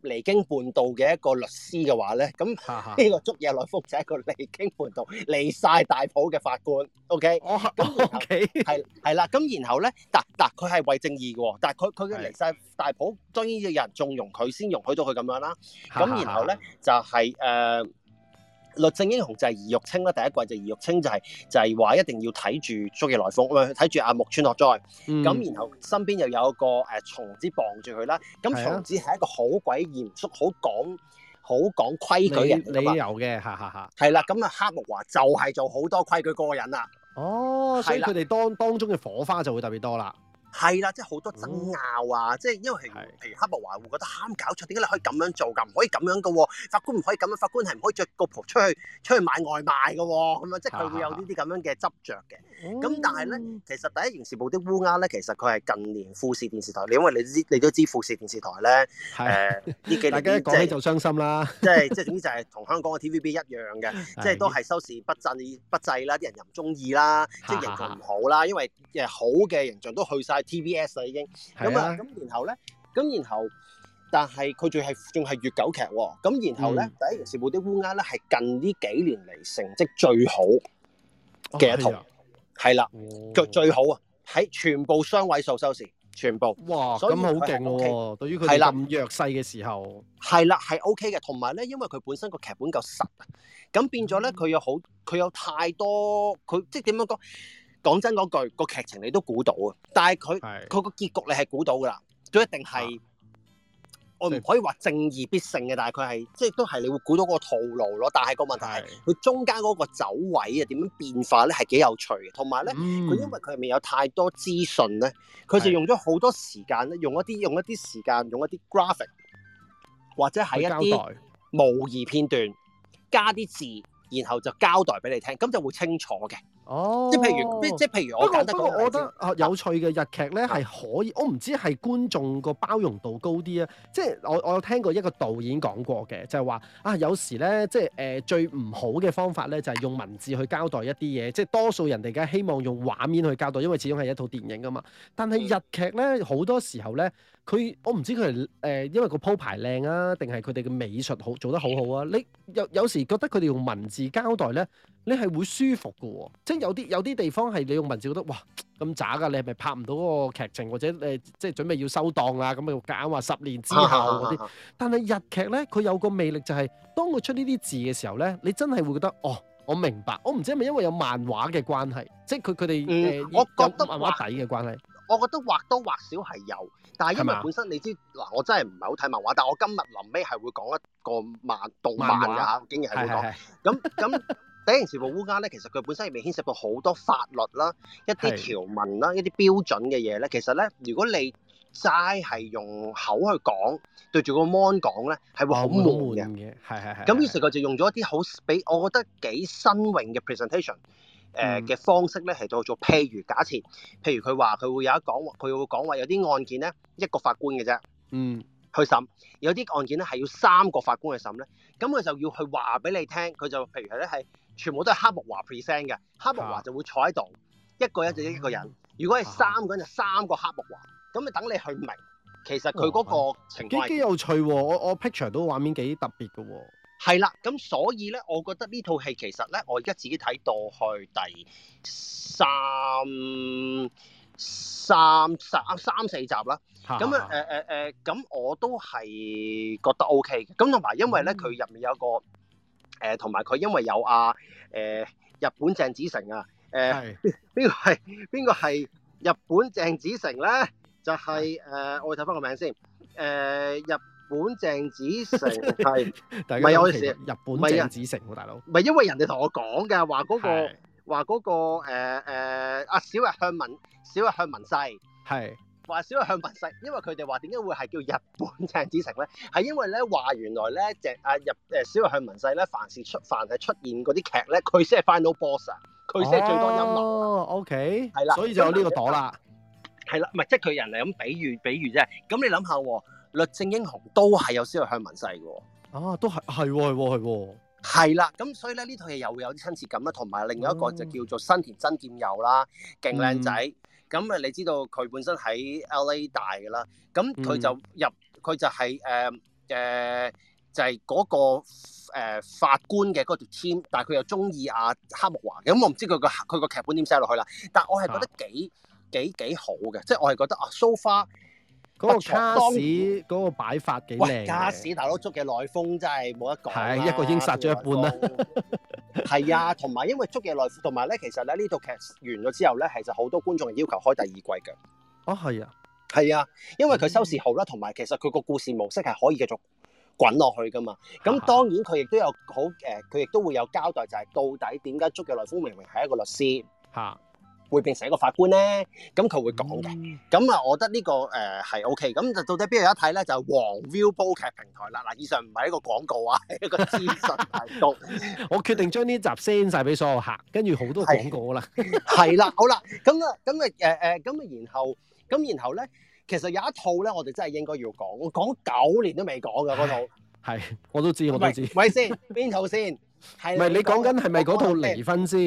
離經叛道嘅一個律師嘅話咧，咁呢個竹野內豐就係一個離經叛道、離晒大譜嘅法官。OK，OK，係係啦。咁然後咧、哦 okay?，但嗱，佢係為正義嘅喎，但係佢佢嘅離曬大譜，是當然有人縱容佢，先容許到佢咁樣啦。咁然後咧就係、是、誒。呃律政英雄就係余玉清啦，第一季就余玉清就係、是、就係、是、話一定要睇住《捉妖來風》，咪睇住阿木村拓哉，咁然後身邊又有一個誒、呃、松子傍住佢啦，咁、嗯嗯、松子係一個好鬼嚴肅、好講好講規矩嘅人，你話有嘅，嚇嚇嚇，係啦，咁啊樣黑木華就係做好多規矩嗰個人啦，哦，所以佢哋當的當中嘅火花就會特別多啦。係啦，即係好多爭拗啊！即係、嗯、因為譬如譬如黑木華會覺得啱、啊、搞出點解你可以咁樣做？咁唔可以咁樣噶喎、啊！法官唔可以咁樣，法官係唔可以着個袍出去出去買外賣噶喎、啊！咁樣即係佢會有呢啲咁樣嘅執着嘅。咁但係咧，其實第一刑事部的烏鴉咧，其實佢係近年富士電視台。你因為你知你都知富士電視台咧，誒呢、呃、幾年大家一講就傷心啦。即係即係總之就係、是、同、就是就是、香港嘅 TVB 一樣嘅，即係 都係收視不振不濟啦，啲人又唔中意啦，即係形象唔好啦， 因為好嘅形象都去晒。TBS 啦已經，咁啊咁然後咧，咁然後，但係佢仲係仲係月九劇喎。咁、哦、然後咧，嗯、第一部刑事嘅烏鴉咧係近呢幾年嚟成績最好嘅一套，係啦、哦，最、啊的哦、最好啊，喺全部雙位數收視，全部哇，咁好勁喎！對於佢咁弱勢嘅時候，係啦，係 O K 嘅。同埋咧，因為佢本身個劇本夠實，咁變咗咧，佢有好，佢有太多，佢即係點樣講？講真嗰句，個劇情你都估到啊！但係佢佢個結局你係估到噶啦，都一定係、啊、我唔可以話正義必勝嘅。但係佢係即係都係你會估到個套路咯。但係個問題係佢的中間嗰個走位啊，點樣變化咧係幾有趣嘅。同埋咧，佢、嗯、因為佢入面有太多資訊咧，佢就用咗好多時間咧，用一啲用一啲時間，用一啲 graphic 或者係一啲模擬片段加啲字，然後就交代俾你聽，咁就會清楚嘅。哦，即係譬如，即係譬如我覺得，不過不過我覺得有趣嘅日劇咧係可以，我唔知係觀眾個包容度高啲啊！即係我我有聽過一個導演講過嘅，就係話啊，有時咧即係誒、呃、最唔好嘅方法咧就係用文字去交代一啲嘢，即係多數人哋而家希望用畫面去交代，因為始終係一套電影㗎嘛。但係日劇咧好多時候咧，佢我唔知佢係誒因為個鋪排靚啊，定係佢哋嘅美術好做得好好啊？你有有時覺得佢哋用文字交代咧？你係會舒服嘅喎，哦，即係有啲有啲地方係你用文字覺得哇咁渣噶，你係咪拍唔到嗰個劇情或者誒、呃、即係準備要收檔啊？咁又講話十年之後嗰啲，啊啊啊啊、但係日劇咧佢有個魅力就係、是、當佢出呢啲字嘅時候咧，你真係會覺得哦，我明白。我唔知係咪因為有漫畫嘅關係，即係佢佢哋誒我覺得漫畫底嘅關係。我覺得或多或少係畫畫有，但係因為嗎本身你知嗱，我真係唔係好睇漫畫，但係我今日臨尾係會講一個漫動漫嘅嚇，今日係會講咁咁。第一部刑事的烏鴉咧，其實佢本身亦未牽涉到好多法律啦、一啲條文啦、的一啲標準嘅嘢咧。其實咧，如果你齋係用口去講，對住個 mon 講咧，係會好悶嘅。係係係。咁、嗯、於是佢就用咗一啲好俾我覺得幾新穎嘅 presentation，誒、呃、嘅、嗯、方式咧，係叫做譬如假設，譬如佢話佢會有一講，佢會講話有啲案件咧，一個法官嘅啫。嗯。去審，有啲案件咧係要三個法官去審咧，咁佢就要去話俾你聽，佢就譬如咧係全部都係黑木華 present 嘅，黑木華就會坐喺度，一個人就一個人，啊、如果係三個人、啊、就三個黑木華，咁就等你去明其實佢嗰個情景。幾幾有趣喎！我我 picture 到畫面幾特別嘅喎。係啦，咁所以咧，我覺得呢套戲其實咧，我而家自己睇到去第三三三三四集啦，咁啊，誒誒誒，咁我都係覺得 O K 嘅。咁同埋，因為咧佢入面有一個誒，同埋佢因為有阿誒日本鄭子成啊，誒邊個係邊個係日本鄭子成咧？就係誒，我睇翻個名先，誒日本鄭子成係唔係啊？我哋日本鄭子成咯，大佬唔係因為人哋同我講嘅話，嗰個話嗰個誒誒阿小日向文。社 sia 小日向文世係話是小日向文世，因為佢哋話點解會係叫日本鄭子誠咧？係因為咧話原來咧隻啊日誒小日向文世咧，凡是出凡係出現嗰啲劇咧，佢先係 final boss 啊，佢寫最多音樂。哦、oh，OK，係啦的，所以就有呢個朵啦。係啦，咪，即係佢人嚟咁比喻比喻啫。咁你諗下，律政英雄都係有小日向文世㗎喎。啊，都係係係係啦。咁所以咧呢套嘢又會有親切感啦，同埋另外一個就叫做新田真劍佑啦，勁靚仔。嗯咁誒，你知道佢本身喺 LA 大嘅啦，咁佢就入，佢、嗯、就係、是、誒，誒、呃呃，就係、是、嗰、那個誒、呃、法官嘅嗰條 team，但係佢又中意阿黑木華嘅，咁我唔知佢個佢個劇本點寫落去啦，但我係覺得幾、啊、幾幾，幾好嘅，即係我係覺得啊蘇花。So far, 嗰個卡士嗰當個擺法幾靚，卡士大佬竹野內豐真係冇得講，係一個已經殺咗一半啦。係 啊，同埋因為竹野內豐，同埋咧其實咧呢套劇完咗之後咧，其實好多觀眾係要求開第二季嘅。哦，係啊，係啊，因為佢收視好啦，同埋、嗯、其實佢個故事模式係可以繼續滾落去噶嘛。咁當然佢亦都有好誒，佢亦都會有交代，就係到底點解竹野內豐明明係一個律師嚇。會變成一個法官咧，咁佢會講嘅。咁啊，我覺得呢個誒係 O K。咁就到底邊度有一睇咧？就黃 View 煲劇平台啦。嗱，以上唔係一個廣告啊，係一個資訊頻道。我決定將呢集先晒俾所有客，跟住好多廣告啦。係啦，好啦，咁啊，咁啊，誒誒，咁啊，然後咁然後咧，其實有一套咧，我哋真係應該要講。我講九年都未講噶嗰套。係，我都知，我都知。咪先邊套先？係咪你講緊係咪嗰套離婚先，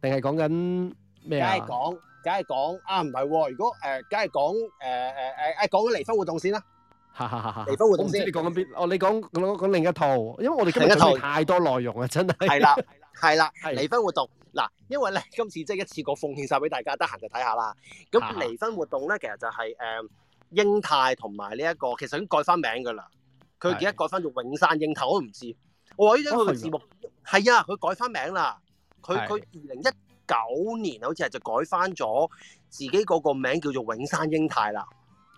定係講緊？梗係講，梗係講啊！唔係喎，如果誒，梗、呃、係講誒誒誒誒講個離婚活動先啦。離婚活動先。哈哈哈哈，我唔知你講緊邊，哦，你講講講另一套，因為我哋今套太多內容啊，真係。係啦，係啦，離婚活動嗱，因為咧今次即係一次過奉獻晒俾大家，得閒就睇下啦。咁離婚活動咧，其實就係、是、誒、嗯、瑛太同埋呢一個，其實已經改翻名㗎啦。佢記得改翻做的永山瑛太，我都唔知。我話呢佢個字幕係啊，佢改翻名啦。佢佢二零一。九年好似係就改翻咗自己嗰個名叫做永山瑛太啦。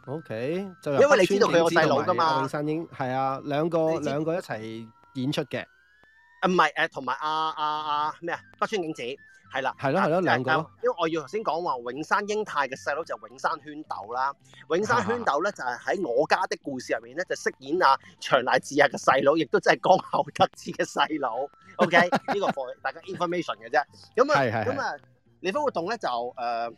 O、okay, K，因為你知道佢個細佬噶嘛，永山瑛太係啊，兩個兩個一齊演出嘅、啊。啊，唔係誒，同埋阿阿阿咩啊，啊啊啊北川景子。係啦，係咯，係咯，兩個因為我要頭先講話永山瑛太嘅細佬就永山絢斗啦，永山絢斗咧就係、是、喺我家的故事入面咧就是、飾演啊長瀨智也嘅細佬，亦都真係江口德子嘅細佬。OK，呢 個 for 大家 information 嘅啫。咁啊，咁啊， 離婚活動咧就誒。呃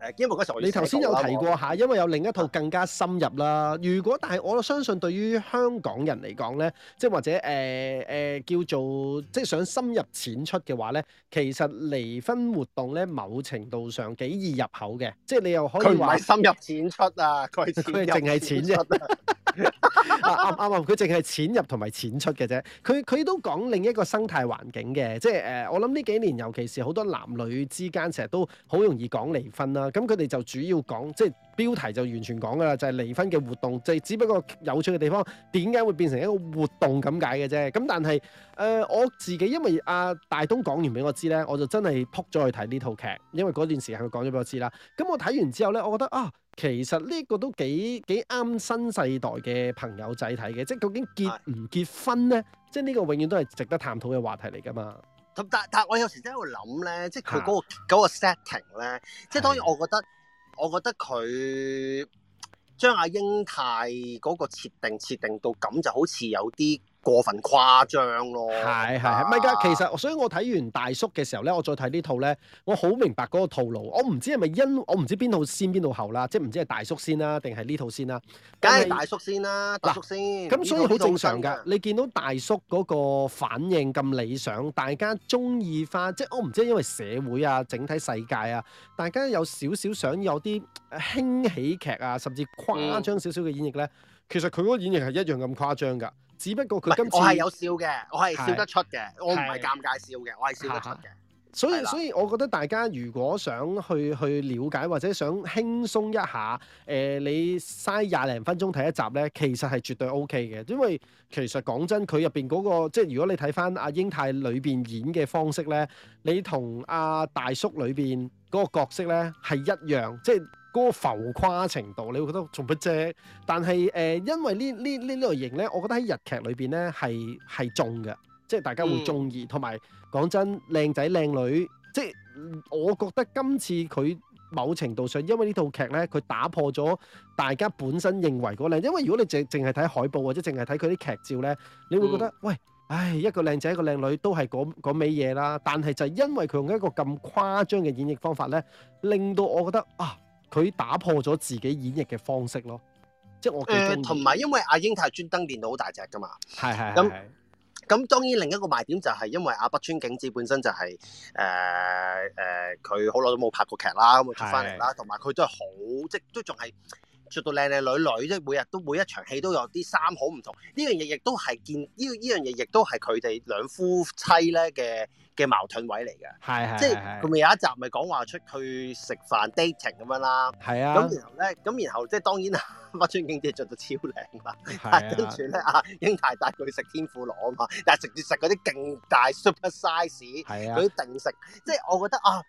誒，因為你頭先有提過下因為有另一套更加深入啦。如果但係，我相信對於香港人嚟講咧，即係或者誒誒、呃呃、叫做即係想深入淺出嘅話咧，其實離婚活動咧某程度上幾易入口嘅，即係你又可以話深入淺出啊！佢佢係淨係淺出啊，淺出！ 啱啱佢淨係淺入同埋淺出嘅啫。佢佢都講另一個生態環境嘅，即係誒我諗呢幾年，尤其是好多男女之間，成日都好容易講離婚啦。咁佢哋就主要講，即係標題就完全講噶啦，就係、是、離婚嘅活動，就是、只不過有趣嘅地方點解會變成一個活動咁解嘅啫。咁但係誒、呃，我自己因為阿、啊、大東講完俾我知咧，我就真係撲咗去睇呢套劇，因為嗰段時間佢講咗俾我知啦。咁我睇完之後咧，我覺得啊，其實呢個都幾幾啱新世代嘅朋友仔睇嘅，即係究竟結唔結婚咧？即係呢個永遠都係值得探討嘅話題嚟噶嘛。咁但但係我有時真喺度諗咧，即係佢嗰個嗰、啊、個 setting 咧，即係當然我覺得是的 我覺得佢將阿英太嗰個設定設定到咁就好似有啲。過分誇張咯，係係係，唔係、啊、其實，所以我睇完大叔嘅時候咧，我再睇呢套咧，我好明白嗰個套路。我唔知係咪因我唔知邊套先邊套後啦，即係唔知係大叔先啦、啊，定係呢套先啦、啊。梗係大叔先啦、啊，啊、大叔先。咁、啊、所以好正常㗎。你見到大叔嗰個反應咁理想，大家中意翻，即係我唔知因為社會啊、整體世界啊，大家有少少想有啲輕喜劇啊，甚至誇張少少嘅演繹咧。嗯、其實佢嗰個演繹係一樣咁誇張㗎。只不過佢今次我係有笑嘅，我係笑得出嘅，是我唔係尷尬笑嘅，我係笑得出嘅。所以的所以，所以我覺得大家如果想去去了解或者想輕鬆一下，誒、呃，你嘥廿零分鐘睇一集咧，其實係絕對 O K 嘅，因為其實講真，佢入邊嗰個即係如果你睇返阿瑛太裏邊演嘅方式咧，你同阿、啊、大叔裏邊嗰個角色咧係一樣，即係。嗰浮誇程度，你會覺得仲不正？但係誒、呃，因為呢呢呢類型咧，我覺得喺日劇裏邊咧係係中嘅，即係大家會鍾意。同埋講真，靚仔靚女，即係我覺得今次佢某程度上，因為呢套劇咧，佢打破咗大家本身認為嗰靚。因為如果你淨淨係睇海報或者淨係睇佢啲劇照咧，你會覺得、嗯、喂，唉、哎、一個靚仔一個靚女都係嗰嗰味嘢啦。但係就係因為佢用一個咁誇張嘅演繹方法咧，令到我覺得啊～佢打破咗自己演繹嘅方式咯，即係我誒同埋，呃、因為阿瑛太係專登練到好大隻噶嘛，係係咁咁，當然另一個賣點就係因為阿北川景子本身就係誒誒，佢好耐都冇拍過劇啦，咁佢出翻嚟啦，同埋佢都係好即都仲係。著到靚靚女女啫，每日都每一場戲都有啲衫好唔同，呢樣嘢亦都係見呢呢樣嘢亦都係佢哋兩夫妻咧嘅嘅矛盾位嚟㗎。係係，即係佢咪有一集咪講話出去食飯 dating 咁樣啦。係是是 啊，咁是是 然後咧，咁然後即係當然啊，北川景子著到超靚啦。跟住咧啊，瑛太帶佢去食天婦羅啊嘛，但係食住食嗰啲勁大 super size，係啊，啲定食，即係我覺得啊。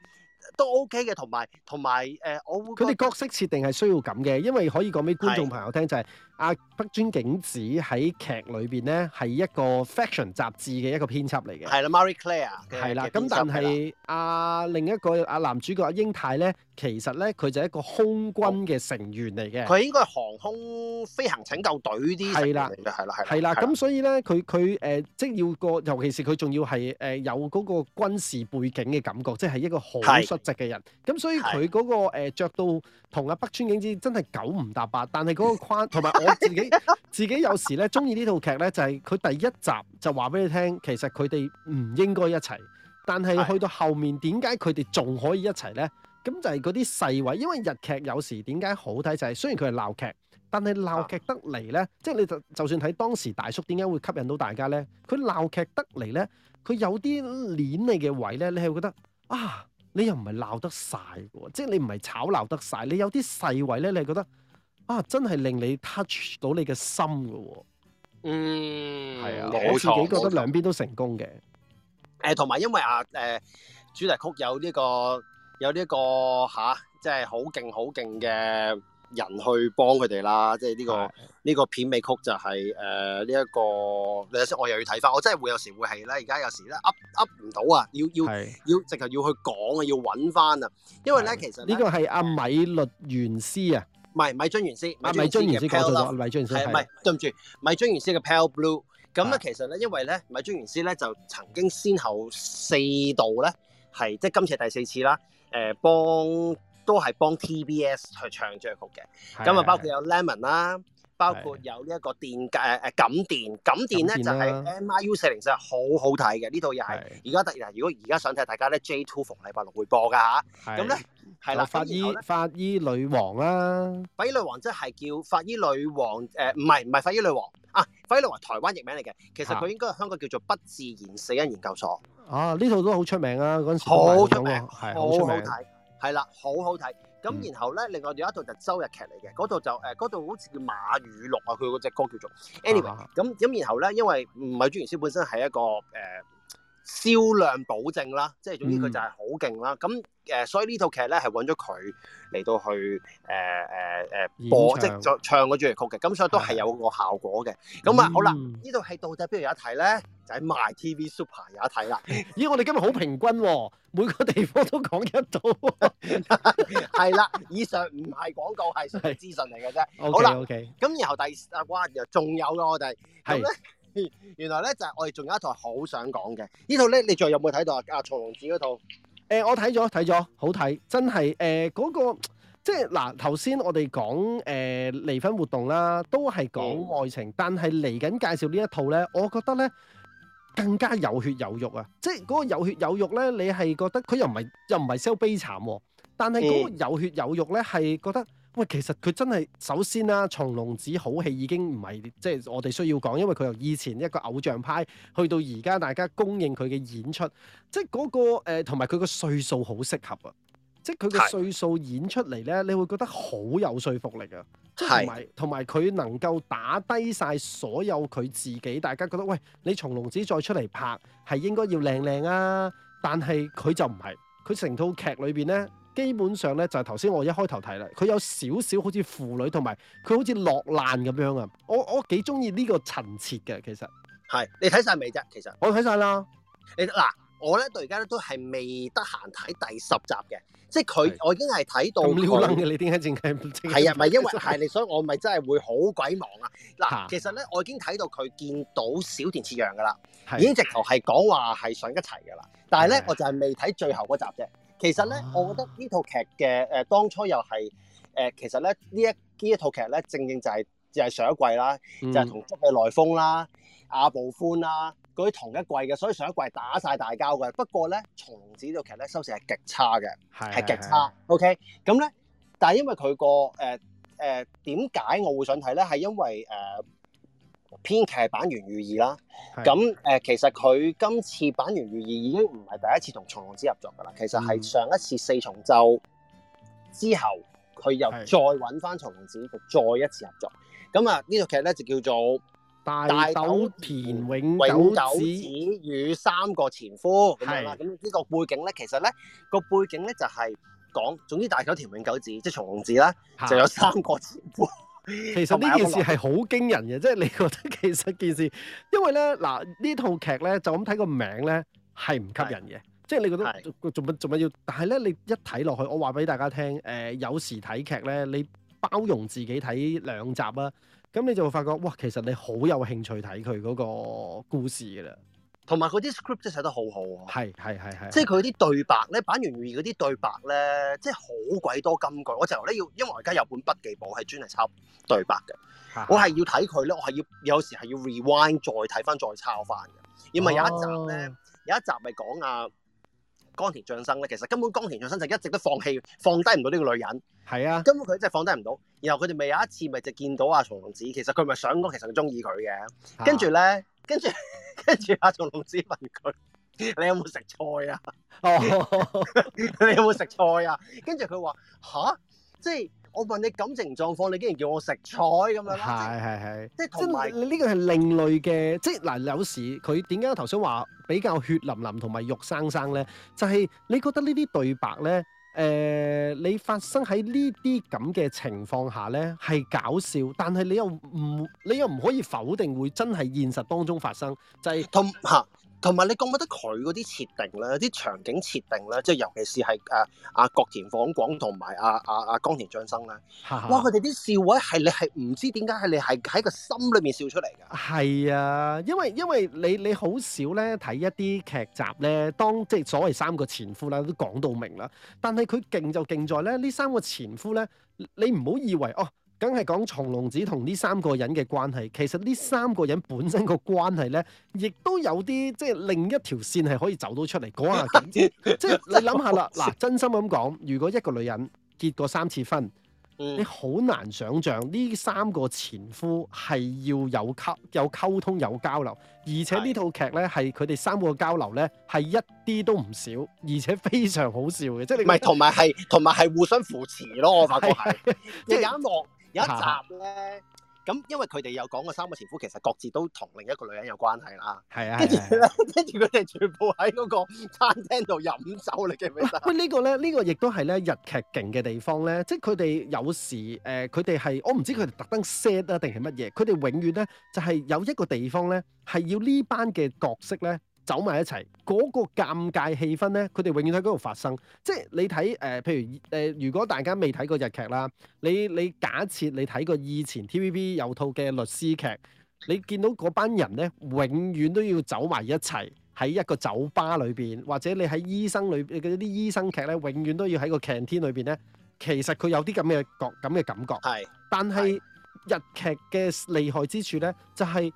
都 OK 嘅，同埋同埋誒，我覺得。佢哋角色設定係需要咁嘅，因為可以講俾觀眾朋友聽就係。阿北川景子喺劇裏邊咧，係一個 fashion 雜誌嘅一個編輯嚟嘅，係啦，Marie Claire 嘅，係啦，咁 但係阿的、啊、另一個阿男主角阿、啊、瑛太咧，其實咧佢就係一個空軍嘅成員嚟嘅，佢、哦、應該係航空飛行拯救隊啲。係啦的，係啦的，係啦，係啦。咁的的所以咧佢佢誒即係要個，尤其是佢仲要係誒有嗰個軍事背景嘅感覺，即係一個好率直嘅人。咁所以佢嗰個着到同阿北川景子真係九唔搭八，但係嗰個框同埋。 我自己自己有時咧，中意呢套劇咧，就係、是、佢第一集就話俾你聽，其實佢哋唔應該一齊。但係去到後面，點解佢哋仲可以一齊咧？咁就係嗰啲細位，因為日劇有時點解好睇就係、是，雖然佢係鬧劇，但係鬧劇得嚟咧，啊、即係你就就算睇當時大叔點解會吸引到大家咧，佢鬧劇得嚟咧，佢有啲攣你嘅位咧，你係會覺得啊，你又唔係鬧得晒喎，即係你唔係炒鬧得晒。你有啲細位咧，你係覺得。啊！真係令你 touch 到你嘅心嘅喎、啊。嗯，係啊，錯我自己覺得兩邊都成功嘅錯。誒，同埋因為啊，誒、呃、主題曲有呢、這個有呢、這個嚇，即係好勁好勁嘅人去幫佢哋啦。即係呢個呢是的 個片尾曲就係誒呢一個。我又要睇翻，我真係會有時會係咧，而家有時咧 up up 唔到啊，要要要，要直頭要去講啊，要揾翻啊。因為咧，其實呢個係阿米津玄師啊。的的唔係米津玄師，米津玄師講咗，米津玄師係唔係對唔住米津玄師嘅 Pale Blue？咁啊，其實咧，因為咧，米津玄師咧就曾經先後四度咧，係即係今次第四次啦。誒幫都係幫 TBS 去唱主題曲嘅。咁啊，包括有 Lemon 啦，包括有呢一個電誒誒感電，感電咧就係 Miu 四零四，係好好睇嘅呢套又係。而家突然係，如果而家想睇，大家咧 J2 逢禮拜六會播㗎吓。咁咧。係啦，法醫法醫女王啦、啊，法醫女王即係叫法醫女王，誒唔係唔係法醫女王啊，法醫女王台灣譯名嚟嘅，其實佢應該係香港叫做不自然死因研究所。啊，呢套都好出名啊，嗰陣時好出名，的出名好好睇，係啦、嗯，好好睇。咁然後咧，另外有一套就周日劇嚟嘅，嗰套就誒嗰、呃、好似叫馬與鹿啊，佢嗰隻歌叫做 Anyway、啊。咁咁然後咧，因為米津玄師本身係一個誒。呃銷量保證啦，即係總之佢就係好勁啦。咁誒，所以呢套劇咧係揾咗佢嚟到去誒誒誒播即唱個主題曲嘅。咁所以都係有個效果嘅。咁啊好啦，呢度係到底邊度有得睇咧？就喺 myTV Super 有得睇啦。咦，我哋今日好平均喎，每個地方都講得到。係啦，以上唔係廣告，係係資訊嚟嘅啫。好啦。OK OK。咁然後第二，阿然又仲有㗎我哋。係。原來咧就係我哋仲有一套好想講嘅，呢套咧你仲有冇睇到啊？啊松隆子嗰套，誒我睇咗睇咗，好睇，真係誒嗰個即係嗱，頭先我哋講誒離婚活動啦，都係講愛情，但係嚟緊介紹呢一套咧，我覺得咧更加有血有肉啊！即係嗰個有血有肉咧，你係覺得佢又唔係又唔係 sell 悲慘，但係嗰個有血有肉咧係覺得。喂，其實佢真係首先啦、啊，松隆子好戲已經唔係即係我哋需要講，因為佢由以前一個偶像派去到而家，大家公認佢嘅演出，即係、那、嗰個誒同埋佢個歲數好適合啊！即係佢嘅歲數演出嚟咧，你會覺得好有說服力啊！係，同埋佢能夠打低晒所有佢自己，大家覺得喂，你松隆子再出嚟拍係應該要靚靚啊，但係佢就唔係，佢成套劇裏邊咧。基本上咧就係頭先我一開頭睇啦，佢有少少好似腐女同埋佢好似落難咁樣啊！我我幾中意呢個層次嘅。其實係你睇晒未啫？其實，其實我睇晒啦。你嗱我咧到而家咧都係未得閒睇第十集嘅，即係佢是我已經係睇到。撩楞嘅你點解淨係唔清？係啊，咪因為係你， 所以我咪真係會好鬼忙啊！嗱，其實咧我已經睇到佢見到小田切陽噶啦，的已經直頭係講話係想一齊噶啦，但係咧 我就係未睇最後嗰集啫。其實咧，我覺得呢套劇嘅，誒、呃、當初又係誒，其實咧呢一呢一套劇咧，正正就係就係上一季啦，就係同《捉嘅來風》啦、《阿布寬》啦嗰啲同一季嘅，所以上一季打晒大交嘅。不過咧，《從龍子》呢套劇咧收視係極差嘅，係極差。OK，咁、嗯、咧，但係因為佢個誒誒點解我會想睇咧？係因為誒。呃編劇係坂元裕二啦，咁誒是、嗯、其實佢今次坂元裕二已經唔係第一次同松隆子合作㗎啦。其實係上一次四重奏之後，佢又再揾翻松隆子，佢是再一次合作。咁啊、呢個、呢套劇咧就叫做《大豆田永久子與三個前夫》咁是樣啦。咁呢個背景咧，其實咧個背景咧就係、是、講總之大豆田永久子即係松隆子啦，就有三個前夫。是 其實呢件事係好驚人嘅， 即係你覺得其實件事，因為咧嗱呢套劇咧就咁睇個名咧係唔吸引嘅，是的 即係你覺得做乜做乜要？但係咧你一睇落去，我話俾大家聽，誒、呃、有時睇劇咧，你包容自己睇兩集啊，咁你就會發覺哇，其實你好有興趣睇佢嗰個故事噶啦。同埋佢啲 script 真係寫得好好，啊，喎，係係係，即係佢啲對白咧，版完如嗰啲對白咧，即係好鬼多金句。我就嚟咧要，因為我而家有本筆記簿係專係抄對白嘅是，我係要睇佢咧，我係要有時係要 rewind 再睇翻再，再抄翻嘅。因咪有一集咧，哦，有一集咪講阿岡田將生咧，其實根本岡田將生就一直都放棄放低唔到呢個女人，係啊，根本佢真係放低唔到。然後佢哋咪有一次咪就見到阿，啊，松子，其實佢咪想講其實佢中意佢嘅，啊，跟住咧。跟住，跟住阿仲老師問佢：你有冇食菜啊？ 你有冇食菜啊？跟住佢話吓，即係我問你感情狀況，你竟然叫我食菜咁樣咯。係係係，即係同埋呢個係另類嘅，即係嗱有時佢點解頭先話比較血淋淋同埋肉生生咧？就係、是、你覺得呢啲對白咧？誒、呃，你發生喺呢啲咁嘅情況下呢，係搞笑，但係你又唔，你又唔可以否定會真係現實當中發生，就係通下。同埋你覺唔覺得佢嗰啲設定咧，啲場景設定咧，即係尤其是係誒阿角田晃廣同埋阿阿阿岡田將生咧，啊、哇！佢哋啲笑位係你係唔知點解係你係喺個心裏面笑出嚟㗎。係啊，因為因為你你好少咧睇一啲劇集咧，當即係所謂三個前夫啦，都講到明啦。但係佢勁就勁在咧，呢三個前夫咧，你唔好以為哦。梗係講藏龍子同呢三個人嘅關係，其實呢三個人本身個關係呢，亦都有啲即係另一條線係可以走到出嚟講下嘅。 真 即係你諗下啦，嗱，真心咁講，如果一個女人結過三次婚，嗯、你好難想像呢三個前夫係要有溝有溝通有交流，而且呢套劇呢，係佢哋三個交流呢，係一啲都唔少，而且非常好笑嘅。即係你唔係同埋係同埋係互相扶持咯，我發覺係即係有一幕。有一集咧，咁因為佢哋有講過三個前夫其實各自都同另一個女人有關係啦。係啊，跟住咧，跟住佢哋全部喺嗰個餐廳度飲酒，你記唔記得？喂，呢個、呢、呢個咧，呢個亦都係咧日劇勁嘅地方咧，即係佢哋有時誒，佢哋係我唔知佢哋特登 set 啊定係乜嘢，佢哋永遠咧就係、係、有一個地方咧係要呢班嘅角色咧。走埋一齊嗰個尷尬氣氛咧，佢哋永遠喺嗰度發生。即係你睇誒，譬如誒，如果大家未睇過日劇啦，你你假設你睇過以前 TVB 有套嘅律師劇，你見到嗰班人咧，永遠都要走埋一齊喺一個酒吧裏邊，或者你喺醫生裏邊嗰啲醫生劇咧，永遠都要喺個 canteen 裏邊咧。其實佢有啲咁嘅角，咁嘅感覺。係，但係日劇嘅厲害之處咧，就係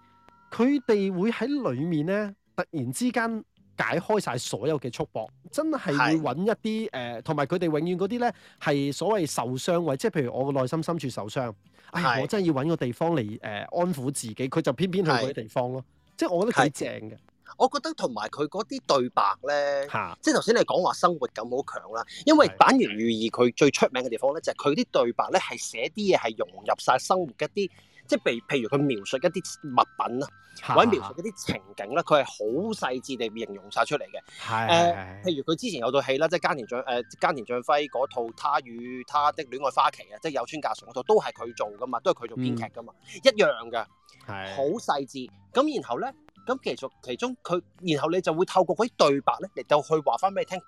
佢哋會喺裏面咧。突然之間解開晒所有嘅束縛，真係要揾一啲誒，同埋佢哋永遠嗰啲咧係所謂受傷位，即係譬如我內心深處受傷，唉、哎，是的 我真係要揾個地方嚟誒、呃、安撫自己，佢就偏偏去嗰啲地方咯，是的 即係我覺得幾正嘅。是的 我覺得同埋佢嗰啲對白咧，是的 即係頭先你講話生活感好強啦，因為板完寓意，佢最出名嘅地方咧，就係佢啲對白咧係寫啲嘢係融入晒生活嘅一啲。即係譬如佢描述一啲物品啦，啊、或者描述一啲情景咧，佢係好細緻地形容晒出嚟嘅。係誒的、呃，譬如佢之前有套戲啦，即係《菅田將》誒、呃《菅田將暉》嗰套《他與她的戀愛花期》啊，即係《有村架純》嗰套都係佢做噶嘛，都係佢做編劇噶嘛，嗯、一樣嘅。係好細緻。咁的然後咧，咁其實其中佢，然後你就會透過嗰啲對白咧嚟到去話翻俾你聽。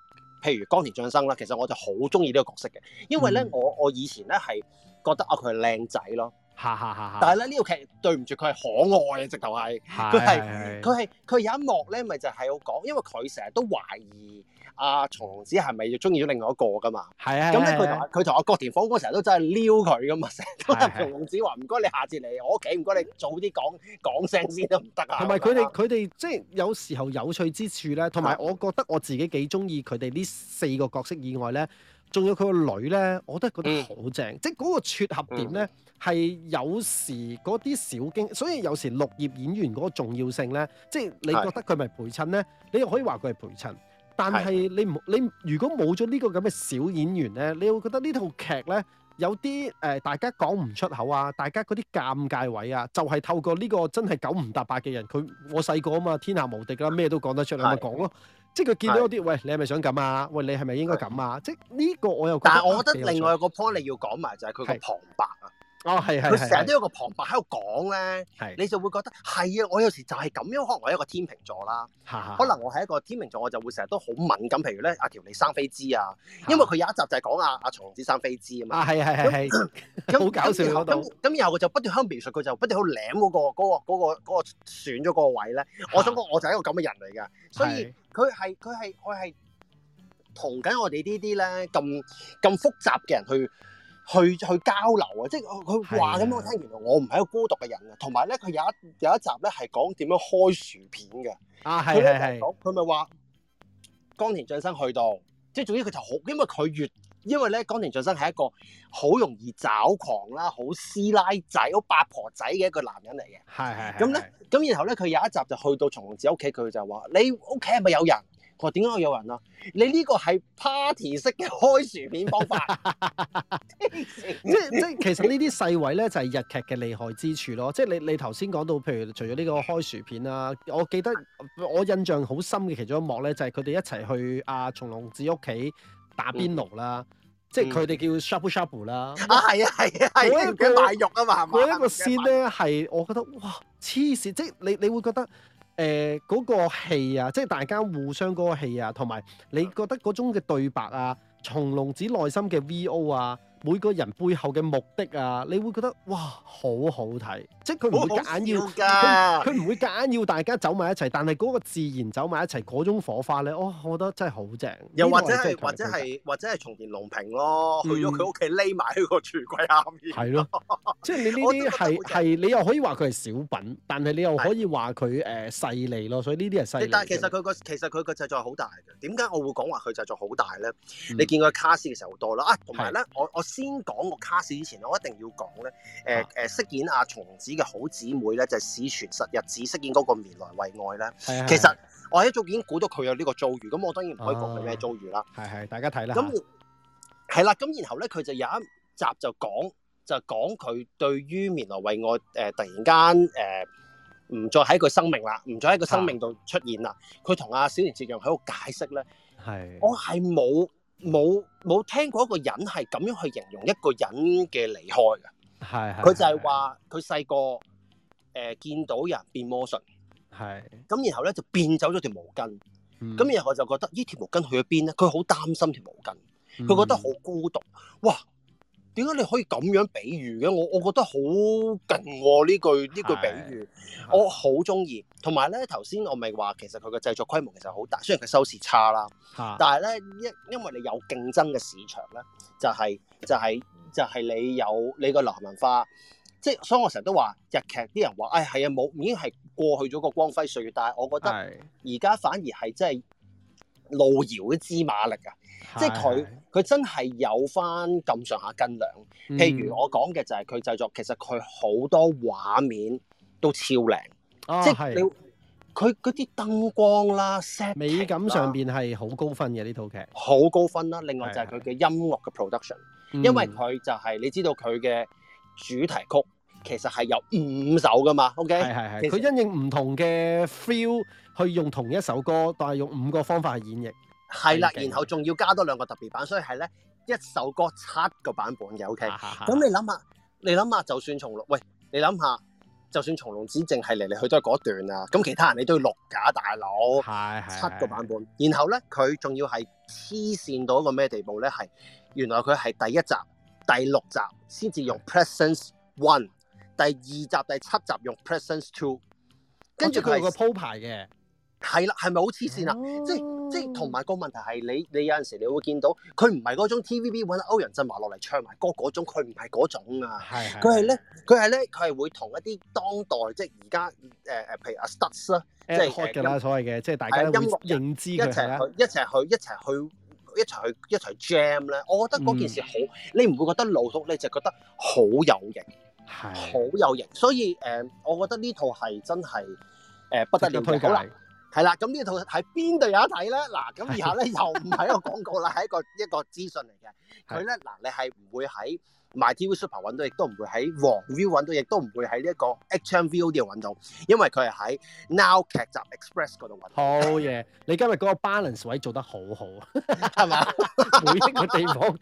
譬如岡田將生啦，其實我就好鍾意呢個角色嘅，因為咧、嗯、我我以前咧係覺得啊佢係靚仔咯。嚇嚇嚇但係咧呢， 個劇對唔住，佢係可愛啊，直頭係佢係佢係佢有一幕咧，咪就係、是、要講，因為佢成日都懷疑阿、啊、松子係咪要中意咗另外一個㗎嘛？係啊、 嗯，咁咧佢同佢同阿角田晃廣成日都真係撩佢㗎嘛，成日都阿松子話唔該你下次嚟我屋企，唔該你早啲講講聲先都得啊。同埋佢哋佢哋即係有時候有趣之處咧，同埋、嗯、我覺得我自己幾中意佢哋呢四個角色以外咧。仲有佢個女咧，我都係覺得好正，嗯、即係嗰個撮合點咧，係、嗯、有時嗰啲小經，所以有時綠葉演員嗰個重要性咧，即係你覺得佢咪陪襯咧，的你又可以話佢係陪襯，但係你唔你如果冇咗呢個咁嘅小演員咧，你會覺得呢套劇咧有啲誒、呃、大家講唔出口啊，大家嗰啲尷尬位啊，就係、是、透過呢個真係九唔搭八嘅人，佢我細個啊嘛，天下無敵啦，咩都講得出，咁咪講咯。即係佢見到嗰啲，是的 喂，你係咪想咁啊？是的 喂，你係咪應該咁啊？是的 即係呢個我又覺得，但係我覺得另外一個 point 你要講埋就係佢個旁白啊。哦，係係，佢成日都有個旁白喺度講咧，你就會覺得係啊，係！我有時就係咁樣可，可能我係一個天秤座啦，可能我係一個天秤座，我就會成日都好敏感。譬如咧，阿、啊、條你生飛枝啊，因為佢有一集就係講阿阿松子生飛枝啊嘛，啊係係係係，好搞笑咁咁，然後佢就不斷咁描述，佢就不斷好舐嗰個嗰，嗰個損咗嗰個位咧。我想講，我就係一個咁嘅人嚟㗎，所以佢係佢係佢係同緊我哋呢啲咧咁咁複雜嘅人去。去去交流啊！即係佢佢話咁我聽，是的 原來我唔係一個孤獨嘅人啊。同埋咧，佢有一有一集咧係講點樣開薯片嘅。啊，係係係。佢咪話岡田將生去到，即係總之佢就好，因為佢越因為咧岡田將生係一個好容易抓狂啦，好師奶仔、好八婆仔嘅一個男人嚟嘅。係係。咁咧，咁然後咧，佢有一集就去到松子屋企，佢就話：你屋企係咪有人？哦，點解會有人啊？你呢個係 party 式嘅開薯片方法，黐線！即即其實呢啲細位咧就係、是、日劇嘅厲害之處咯。即你你頭先講到，譬如除咗呢個開薯片啦、啊，我記得我印象好深嘅其中一幕咧，就係佢哋一齊去阿從龍子屋企打邊爐啦。即佢哋叫 shabu shabu 啦。啊，係啊，係啊，係啊！嗰啲叫大肉啊嘛，係嘛、啊？嗰一個先咧係，我覺得哇黐線！即你你會覺得。 誒嗰個戲啊，即係大家互相嗰個戲啊，同埋你覺得嗰種嘅對白啊，松隆子內心嘅 VO 啊。每個人背後嘅目的啊，你會覺得，哇好好睇，即係佢唔會夾硬要佢，佢唔會夾硬要大家走埋一齊，但係嗰個自然走埋一齊嗰種火花咧，我覺得真係好正。又或者係或者係或者係松田龍平咯，去咗佢屋企匿埋喺個櫥櫃下面咯，嗯、 即係你呢啲係係你又可以話佢係小品，但係你又可以話佢誒細膩咯，所以呢啲係細膩。但係其實佢個其實佢個製作好大嘅，點解我會講話佢製作好大咧？嗯、你見佢卡斯嘅時候多啦啊，同埋咧我我。對先講個卡 a s 之前，我一定要講咧，誒、呃、誒、呃、飾演阿松子嘅好姊妹咧，就係、是、史泉實日子飾演嗰個綿來惠愛咧。是的 其實是的 我一早已經估到佢有呢個遭遇，咁我當然唔可以講佢咩遭遇啦。係係、哦，大家睇啦。咁係啦，咁然後咧，佢就有一集就講，就講佢對於綿來惠愛誒、呃、突然間誒唔、呃、再喺佢生命啦，唔再喺佢生命度出現啦。佢同阿小蓮哲陽喺度解釋咧，的的我係冇。冇冇聽過一個人係咁樣去形容一個人嘅離開嘅，係係佢就係話佢細個誒見到人變魔術，係咁是是 然後咧就變走咗條毛巾，咁、嗯、然後我就覺得呢條毛巾去咗邊咧？佢好擔心條毛巾，佢覺得好孤獨，哇！點解你可以咁樣比喻嘅？我我覺得好勁喎！呢句呢句比喻，的我好中意。同埋咧，頭先我咪話，其實佢嘅製作規模其實好大，雖然佢收視差啦，的但係咧，因因為你有競爭嘅市場咧，就係、是、就係、是、就係、是、你有你個流行文化，即係所以我成日都話日劇啲人話，唉係啊冇已經係過去咗個光輝歲月，但係我覺得而家反而係真係。路搖嗰支馬力啊！即係佢，佢的真係有翻咁上下斤兩。譬、嗯、如我講嘅就係佢製作，其實佢好多畫面都超靚。啊、即係你佢嗰啲燈光啦、啦 s 美感上邊係好高分嘅呢套劇，好高分啦。另外就係佢嘅音樂嘅 production，的因為佢就係、是、你知道佢嘅主題曲其實係有五首噶嘛。O K，係係係。佢因應唔同嘅 feel，去用同一首歌，但係用五個方法去演繹，係啦， 然後仲要加多兩個特別版，所以係咧一首歌七個版本嘅 O K。咁、OK? 你諗下，你諗下，下，就算從龍，喂，你諗下，就算從龍只淨係嚟嚟去都係嗰段啊，咁其他人你都要錄㗎大佬， 七個版本，然後咧佢仲要係黐線到一個咩地步咧？係原來佢係第一集、第六集先至用 presence one，第二集、第七集用 presence two，跟住佢有個鋪排嘅。係啦，係咪好黐線啊？即即同埋個問題係，你你有陣時你會見到佢唔係嗰種 T.V.B. 揾歐陽振華落嚟唱埋歌嗰種，佢唔係嗰種啊。係佢係咧，佢係咧，佢係會同一啲當代即而家誒誒，譬如阿 Studs 啦，即係 hot 嘅啦，所謂嘅即係大家音樂認知嘅一齊去一齊去一齊去一齊去一齊 Jam 咧。我覺得嗰件事好，你唔會覺得老土，你就覺得好有型，好有型。所以誒，我覺得呢套係真係誒不得了。推介。係啦，咁呢套係邊對有得睇咧？嗱，咁以後咧又唔係 一個廣告啦，係一個一個資訊嚟嘅。佢咧嗱，你係唔會喺 MyTV Super 揾到，亦都唔會喺 Viu 揾到，亦都唔會喺呢一個 HMVOD 揾到，因為佢係喺 Now 劇集 Express 嗰度揾。好嘢！ 你今日嗰個 balance 位做得好好，係 嘛是吧？ 每一個地方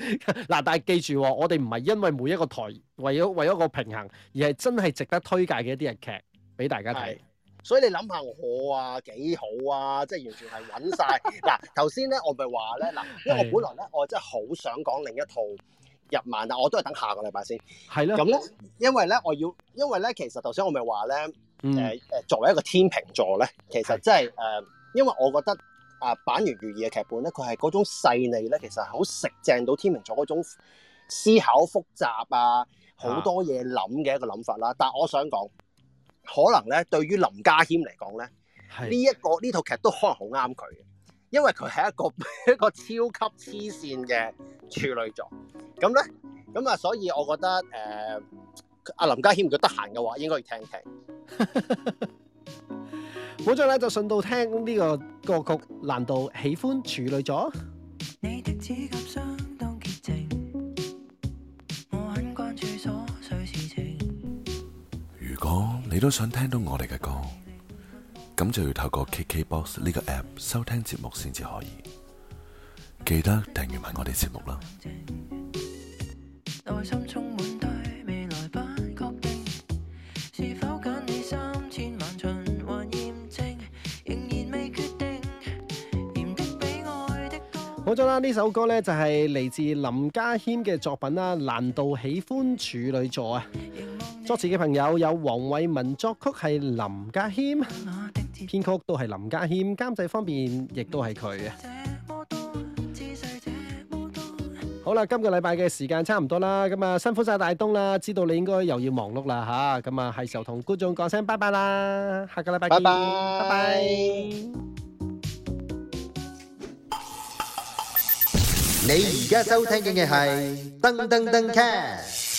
嗱， 但係記住，我哋唔係因為每一個台為咗為咗個平衡，而係真係值得推介嘅一啲日劇俾大家睇。 所以你諗下我啊幾好啊，即係完全係搵晒。嗱，頭先咧我咪話咧，嗱，因為我本來咧我真係好想講另一套日萬，但我都係等下個禮拜先。係啦的。咁咧，因為咧我要，因為咧其實頭先我咪話咧，誒、呃、誒，作為一個天秤座咧，其實真係誒，因為我覺得啊，坂、呃、元裕二嘅劇本咧，佢係嗰種細膩咧，其實好食正到天秤座嗰種思考複雜啊，好多嘢諗嘅一個諗法啦。但係我想講。可能咧，對於林家謙嚟講咧，呢的一個呢套劇都可能好啱佢嘅，因為佢係一個 一個超級黐線嘅處女座。咁咧，咁啊，所以我覺得誒，阿、呃、林家謙如果得閒嘅話，應該要聽聽。冇錯啦，就順道聽呢個歌曲，難道喜歡處女座？你 都想聽到我哋嘅歌，咁就要透過 KKBOX 呢個 app 收聽節目先至可以。記得訂閱埋我哋節目啦。好咗啦，呢首歌呢就係嚟自林家謙嘅作品啦。難道喜歡處女座啊？作詞嘅朋友有黃偉文，作曲係林家謙，編曲都係林家謙，監製方面亦都係佢啊。好啦，今個禮拜嘅時間差唔多啦，咁啊辛苦晒大東啦，知道你應該又要忙碌啦吓，咁啊係時候同觀眾講聲拜拜啦，下個禮拜見。拜拜，拜拜。你而家收聽緊嘅係噔噔噔 cast。